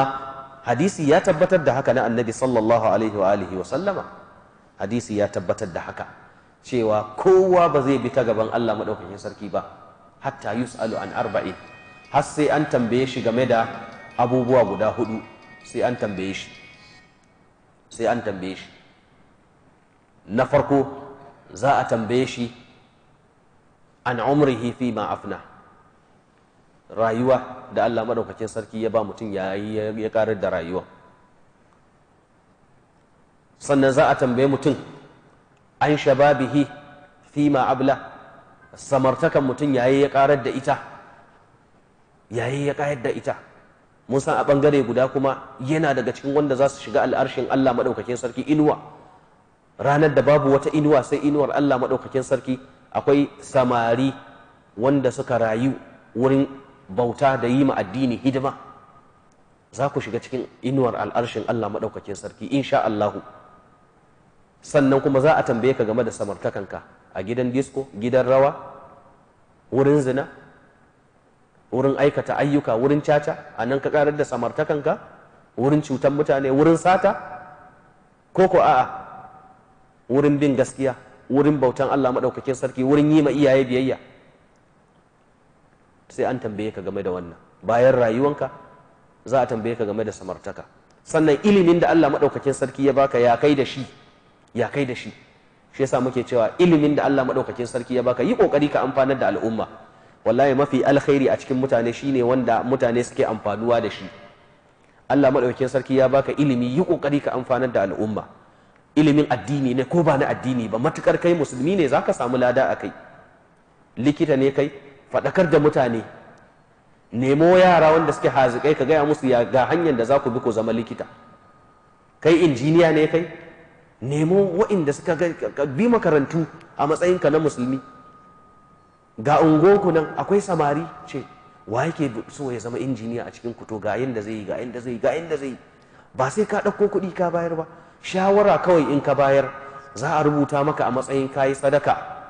hadisi ya tabbatar da haka na annabi sallallahu alaihi wa alihi wa sallama hadisi ya tabbatar da haka cewa kowa ba zai bi ta gaban Allah maɗaukakin sarki ba hatta yus'alu an arba'in har sai an tambaye shi game da abubuwa guda hudu sai an tambaye shi sai an tambaye shi na farko za a tambaye shi an umrihi fi ma afna rayuwa da Allah madaukakin sarki ya ba mutum ya karar da rayuwa sannan za a tambaye mutum an shababihi fi ma abla samartakan mutum ya ya karar da ita ya ya ƙayar da ita mun san a ɓangare guda kuma yana daga cikin wanda za su shiga al'arshin Allah madaukakin sarki inuwa ranar da babu wata inuwa sai inuwar Allah maɗaukakin sarki akwai samari wanda suka rayu wurin bauta da yi ma addini hidima za ku shiga cikin inuwar al'arshin Allah maɗaukakin sarki insha Allahu sannan kuma za a tambaye ka game da samartakanka a gidan disko gidan rawa wurin zina wurin aikata ayyuka wurin caca a nan ka karar da samartakanka wurin cutan mutane wurin sata ko ko a'a wurin bin gaskiya wurin bautan Allah maɗaukakin sarki wurin yi ma iyaye biyayya sai an tambaye ka game da wannan bayan rayuwanka za a tambaye ka game da samartaka sannan ilimin da Allah maɗaukakin sarki ya baka ya kai da shi ya kai da shi shi yasa muke cewa ilimin da Allah maɗaukakin sarki ya baka yi kokari ka amfanar da al'umma wallahi mafi alkhairi a cikin mutane shine wanda mutane suke amfanuwa da shi Allah maɗaukakin sarki ya baka ilimi yi kokari ka amfanar da al'umma ilimin addini ne ko ba na addini ba matukar kai musulmi ne zaka samu lada a kai likita ne kai faɗakar da mutane nemo yara wanda suke hazikai ka gaya musu ga hanyar da za ku bi ku zama likita kai injiniya ne kai nemo wa'inda suka bi makarantu a matsayinka na musulmi ga ungonku nan akwai samari ce wa yake so ya zama injiniya a cikin kuto ga yanda zai yi ga yanda zai yi ga yanda zai yi ba sai ka ɗauko kuɗi ka bayar ba shawara kawai in ka bayar za a rubuta maka a matsayin kayi sadaka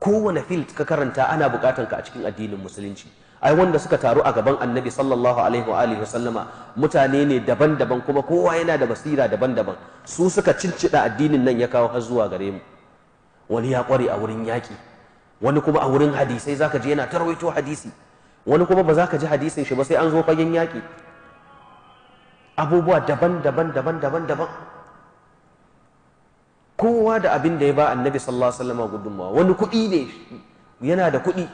kowane field ka karanta ana bukatan ka a cikin addinin musulunci ai wanda suka taru a gaban annabi sallallahu alaihi wa alihi wasallama mutane ne daban-daban kuma kowa yana da basira daban-daban su suka cincida addinin nan ya kawo har zuwa gare mu wani ya kware a wurin yaki wani kuma a wurin hadisai zaka ji yana tarwaito hadisi wani kuma ba zaka ka ji hadisin shi ba sai an zo fagen yaki abubuwa daban-daban daban-daban daban kowa da abin da ya ba annabi sallallahu alaihi wasallam gudunmawa wani kuɗi ne yana da kuɗi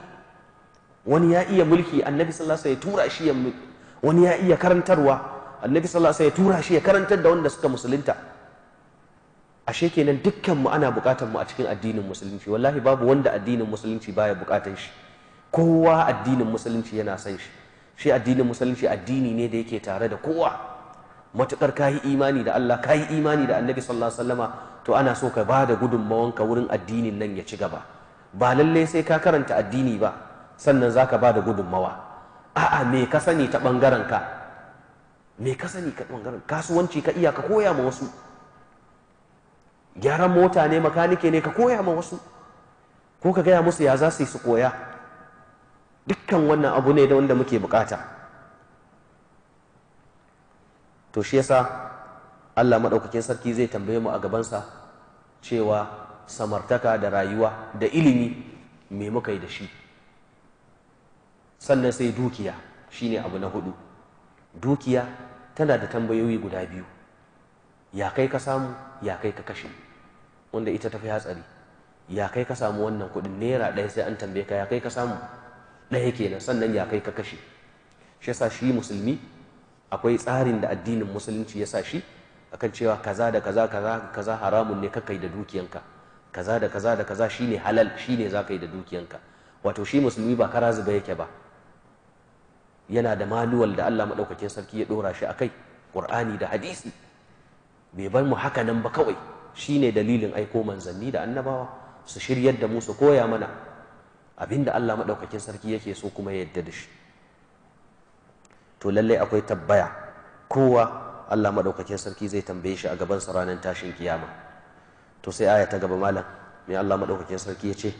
wani ya iya mulki annabi sallallahu alaihi wasallam ya tura shi ya mulki. wani ya iya karantarwa annabi sallallahu alaihi wasallam ya tura shi ya karantar da wanda suka musulunta ashe kenan dukkan mu ana buƙatar mu a cikin addinin musulunci wallahi babu wanda addinin musulunci baya buƙatar shi kowa addinin musulunci yana son shi shi addinin musulunci addini ne da yake tare da kowa matukar kayi imani da Allah kayi imani da Annabi sallallahu alaihi wasallama to ana so ka ba da gudunmawanka wurin addinin nan ya ci gaba ba lalle sai ka karanta addini ba sannan ba bada gudunmawa a'a me ka sani ta bangaren ka me ka sani ka bangaren kasuwanci ka iya ka koya ma wasu gyaran mota ne makanike ne ka koya ma wasu ko ka gaya musu ya za su yi su koya dukkan wannan abu ne da wanda muke bukata to shi yasa Allah maɗaukakin sarki zai tambaye mu a gabansa cewa samartaka da rayuwa da ilimi me muka yi da shi sannan sai dukiya shine abu na hudu dukiya tana da tambayoyi guda biyu ya kai ka samu ya kai ka kashe wanda ita tafi hatsari ya kai ka samu wannan kudin naira ɗaya sai an tambaye ka ya kai ka samu ɗaya kenan sannan ya kai ka kashe shi yasa shi musulmi akwai tsarin da addinin musulunci ya sa shi akan cewa kaza da kaza kaza haramun ne kakai da dukiyanka kaza da kaza da kaza shine halal shine za ka yi da dukiyanka wato shi musulmi ba kara zuba yake ba yana da manuwal da Allah maɗaukakin sarki ya ɗora shi a kai ƙur'ani da hadisi bai bar mu haka nan ba kawai shi ne dalilin aiko manzanni da annabawa su shiryar da mu su koya mana abinda Allah maɗaukakin sarki yake so kuma ya yadda da shi to lallai akwai tabbaya kowa Allah maɗaukakin sarki zai tambaye shi a gaban sa ranar tashin kiyama to sai aya ta gaba malam mai Allah maɗaukakin sarki ya ce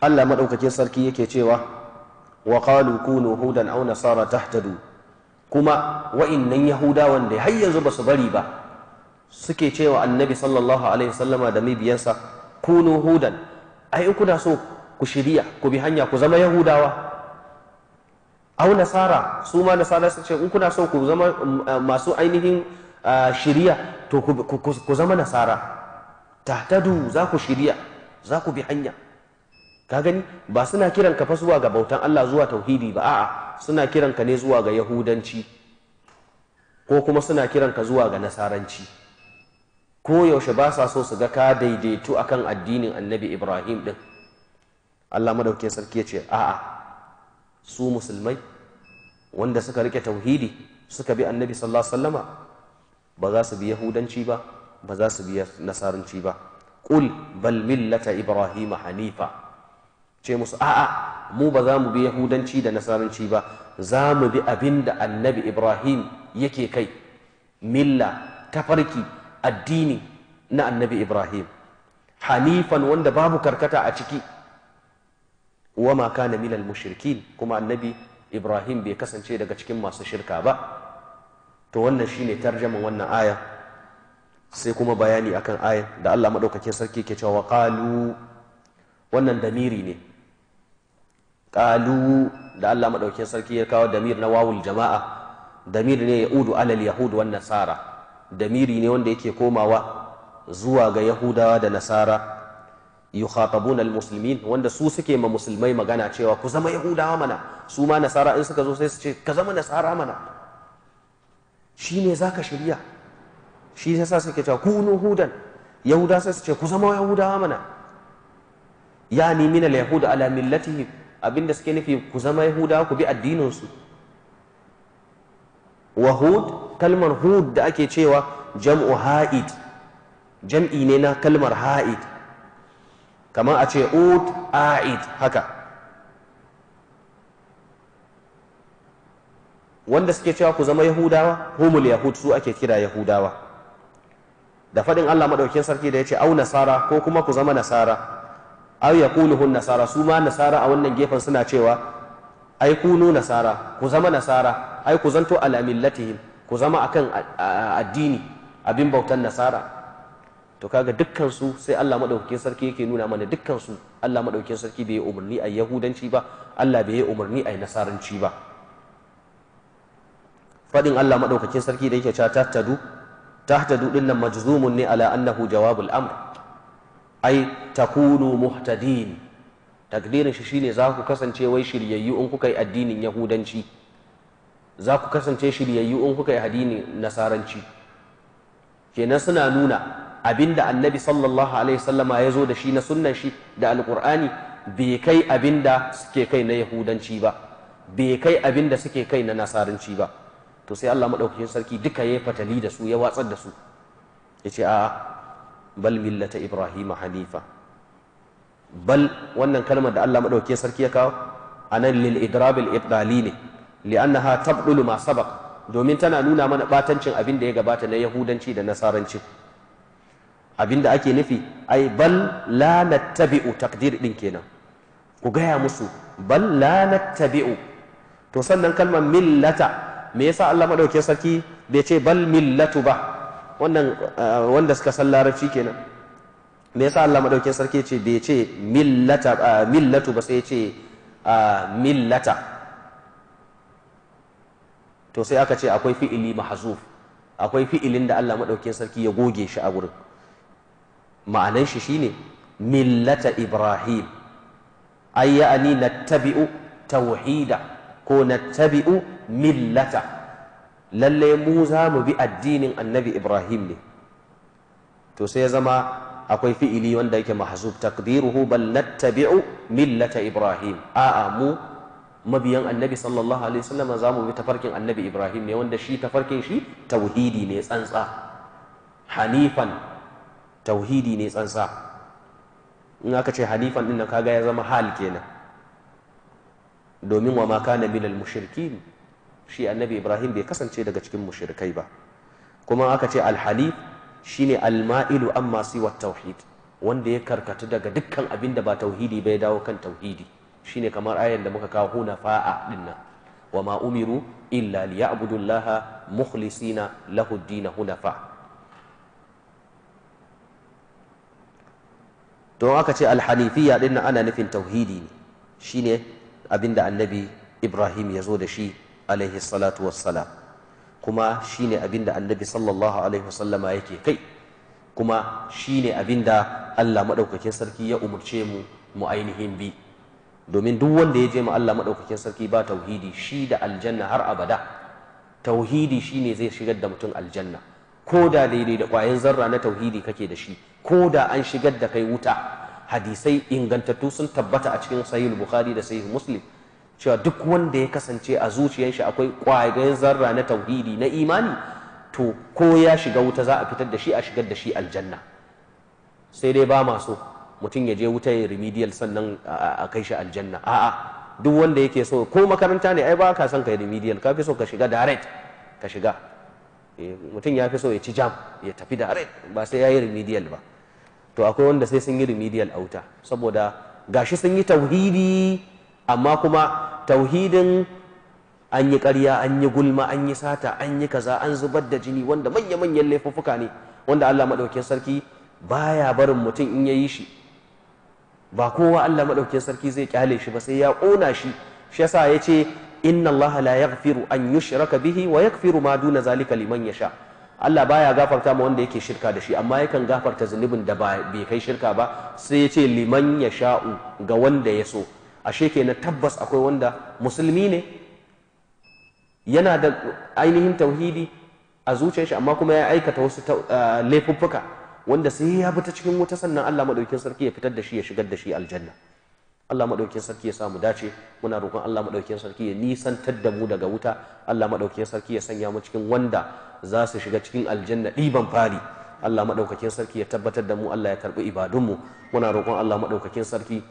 Allah maɗaukakin sarki yake cewa wa qalu kunu hudan aw nasara tahtadu kuma wa'innan yahudawan da har yanzu ba su bari ba suke cewa annabi sallallahu alaihi wasallama da mabiyansa kunu hudan ai in kuna so ku shirya ku bi hanya ku zama yahudawa au nasara su ma nasara su ce in kuna so ku zama masu ainihin shirya to ku zama nasara tahtadu za ku shirya za ku bi hanya ka gani ba suna kiran ka fa zuwa ga bautan Allah zuwa tauhidi ba a'a suna kiran ka ne zuwa ga yahudanci ko kuma suna kiran ka zuwa ga nasaranci ko yaushe ba sa so su ga ka daidaitu akan addinin annabi Ibrahim din Allah madaukakin sarki ya ce a'a su musulmai wanda suka rike tauhidi suka bi annabi sallallahu alaihi wasallama ba za su bi yahudanci ba ba za su bi nasaranci ba qul bal millata ibrahima hanifa ce musu a'a mu ba za mu bi yahudanci da nasaranci ba za mu bi abin da annabi ibrahim yake kai milla tafarki addini na annabi ibrahim hanifan wanda babu karkata a ciki wa ma kana minal mushrikin kuma annabi ibrahim bai kasance daga cikin masu shirka ba to wannan shine tarjaman wannan aya sai kuma bayani akan ayan da Allah madaukakin sarki ke cewa qalu wannan damiri ne qalu da Allah madaukakin sarki ya kawo damir na wawul jama'a damir ne ya udu alal yahud wan nasara damiri ne wanda yake komawa zuwa ga yahudawa da nasara yukhatabuna almuslimin wanda su suke ma musulmai magana cewa ku zama yahudawa mana su ma nasara in suka zo sai su ce ka zama nasara mana shine zaka shirya shi sa suke cewa kunu hudan yahuda sai su ce ku zama yahudawa mana yani min na yahud ala millatihim abinda suke nufi ku zama yahudawa ku bi addininsu wa hud kalmar hud da ake cewa jam'u ha'id jam'i ne na kalmar ha'id kamar a ce ud a'id haka wanda suke cewa ku zama yahudawa humul yahud su ake kira yahudawa da faɗin allah maɗaukin sarki da ya ce au nasara ko kuma ku zama nasara aw hun nasara su ma nasara a wannan gefen suna cewa ai kunu nasara ku zama nasara ai ku zanto ala millatihim ku zama akan addini abin bautan nasara to kaga dukkan su sai Allah madaukakin sarki yake nuna mana dukkan su Allah madaukakin sarki bai umarni a yahudanci ba Allah bai umarni a nasaranci ba fadin Allah madaukakin sarki da yake cewa tahtadu tahtadu din nan majzumun ne ala annahu jawabul amr ai takunu muhtadin takdirin shi shine za ku kasance wai shiryayyu in kuka yi addinin yahudanci za ku kasance shiryayyu in kuka yi addinin nasaranci kenan suna nuna abinda annabi sallallahu alaihi sallama ya zo da shi na sunnan shi da alkur'ani bai kai abinda suke kai na yahudanci ba bai kai abinda suke kai na nasaranci ba to sai Allah madaukakin sarki duka ya fatali da su ya watsar da su ya ce a'a bal millata ibrahima hanifa bal wannan kalmar da Allah madauke sarki ya kawo anan lil idrab al ibdali ne li'annaha tabdulu ma sabaq domin tana nuna mana batancin abin da ya gabata na yahudanci da nasaranci abin da ake nufi ai bal la nattabi'u takdir din kenan ku gaya musu bal la nattabi'u to sannan kalmar millata me yasa Allah madauke sarki bai ce bal millatu ba wannan eh, wanda suka san larabci kenan me yasa Allah madaukin sarki ce bai ce millata eh, millatu ba sai ce eh, millata to sai aka ce akwai fi'ili mahzuf akwai fi'ilin da Allah madaukin sarki ya goge shi a gurin ma'anan shi shine millata ibrahim ay ya'ni nattabi'u tauhida ko nattabi'u millata lallai mu za mu bi addinin annabi ibrahim ne to sai ya zama akwai fi'ili wanda yake mahzub taqdiruhu bal nattabi'u millata ibrahim a'a mu mabiyan annabi sallallahu alaihi wasallam za mu bi tafarkin annabi ibrahim ne wanda shi tafarkin shi tauhidi ne tsantsa hanifan tauhidi ne tsantsa in aka ce hanifan din nan kaga ya zama hal kenan domin wa ma kana minal mushrikin shi annabi ibrahim bai kasance daga cikin mushrikai ba kuma aka ce alhalif shine alma'ilu amma siwa tauhid wanda ya karkatu daga dukkan abin da ba tauhidi bai dawo kan tauhidi shine kamar ayan da muka kawo huna fa'a dinna wa ma umiru illa liya'budullaha mukhlisina lahu ad huna hunafa don aka ce alhanifiya dinna ana nufin tauhidi ne shine abin da annabi ibrahim ya zo da shi alaihi salatu wassalam kuma shine abinda annabi sallallahu alaihi wasallama yake kai kuma shine abinda Allah madaukakin sarki ya umurce mu mu ainihin bi domin duk wanda ya je ma Allah madaukakin sarki ba tauhidi shi da aljanna har abada tauhidi shine zai shigar da mutum aljanna ko da daidai da ƙwayan zarra na tauhidi kake da shi ko da an shigar da kai wuta hadisai ingantattu sun tabbata a cikin sahih bukhari da sahih muslim cewa duk wanda ya kasance a zuciyar akwai ƙwayar zarra na tauhidi na imani to ko ya shiga wuta za a fitar da shi a shigar da shi aljanna sai dai ba maso mutum ya je wuta ya remedial sannan a kai shi aljanna a'a duk wanda yake so ko makaranta ne ai ba ka son kai remedial ka fi so ka shiga direct ka shiga eh, mutum ya fi so ya ci jam ya tafi direct ba sai ya yi remedial ba to akwai wanda sai sun yi remedial a wuta saboda gashi sun yi tauhidi amma kuma tauhidin an yi ƙarya an yi gulma an yi sata an yi kaza an zubar da jini wanda manya-manyan laifuffuka ne wanda Allah maɗaukin sarki baya barin mutum in ya yi shi ba kowa Allah maɗaukin sarki zai kyale shi ba sai ya kona shi shi yasa ya ce inna Allah la yaghfiru an yushraka bihi wa yaghfiru ma duna zalika liman yasha Allah baya gafarta ma wanda yake shirka da shi amma yakan gafarta zunubin da bai kai shirka ba sai ya ce liman yasha ga wanda ya so ashe ke na tabbas akwai wanda musulmi ne yana da ainihin tauhidi a zuciyarshi amma kuma ya aikata wasu laifuffuka wanda sai ya bi ta cikin wuta sannan Allah madaukin sarki ya fitar da shi ya shigar da shi aljanna Allah madaukin sarki ya sa mu dace muna roƙon Allah madaukin sarki ya nisantar da mu daga wuta Allah madaukin sarki ya sanya mu cikin wanda za su shiga cikin aljanna ɗiban fari Allah madaukakin sarki ya tabbatar da mu Allah ya karɓi ibadunmu muna roƙon Allah madaukakin sarki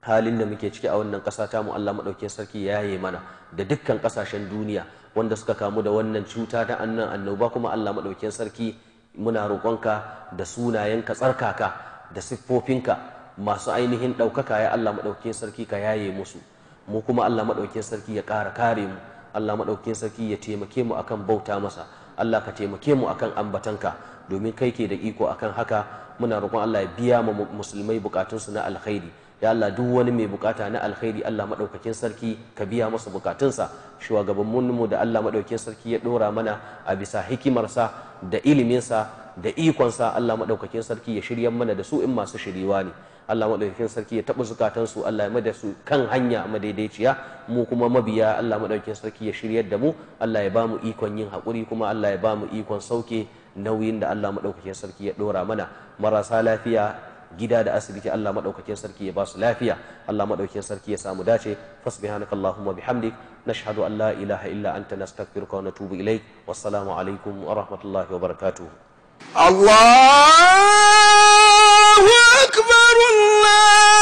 halin da muke ciki a wannan ƙasa ta mu Allah maɗaukin sarki ya yaye mana da dukkan kasashen duniya wanda suka kamu da wannan cuta ta annan annoba kuma Allah maɗaukin sarki muna roƙonka da sunayenka tsarkaka da siffofinka masu ainihin ɗaukaka ya Allah maɗaukin sarki ka yaye musu mu kuma Allah maɗaukin sarki ya ƙara kare mu Allah maɗaukin sarki ya taimake mu akan bauta masa Allah ka taimake mu akan ambatanka domin kai ke da iko akan haka muna roƙon Allah ya biya mu musulmai bukatunsu na alkhairi ya Allah duk wani mai bukata na alkhairi Allah madaukakin sarki ka biya masa bukatunsa sa mu da Allah madaukakin sarki ya dora mana a bisa hikimarsa da iliminsa da ikonsa Allah madaukakin sarki ya shirya mana da su in masu shiriwa ne Allah maɗaukakin sarki ya taɓa su Allah ya mada su kan hanya madaidaiciya mu kuma mabiya Allah maɗaukakin sarki ya shiryar da mu Allah ya bamu ikon yin hakuri kuma Allah ya ba mu ikon sauke nauyin da Allah maɗaukakin sarki ya ɗora mana marasa lafiya gida da asibiti Allah madaukakin sarki ya ba su lafiya Allah madaukakin sarki ya samu dace fasbihanaka allahumma bihamdik nashhadu an la ilaha illa anta nastaghfiruka wa natubu ilaik wassalamu alaikum wa rahmatullahi wa barakatuh Allahu akbar Allah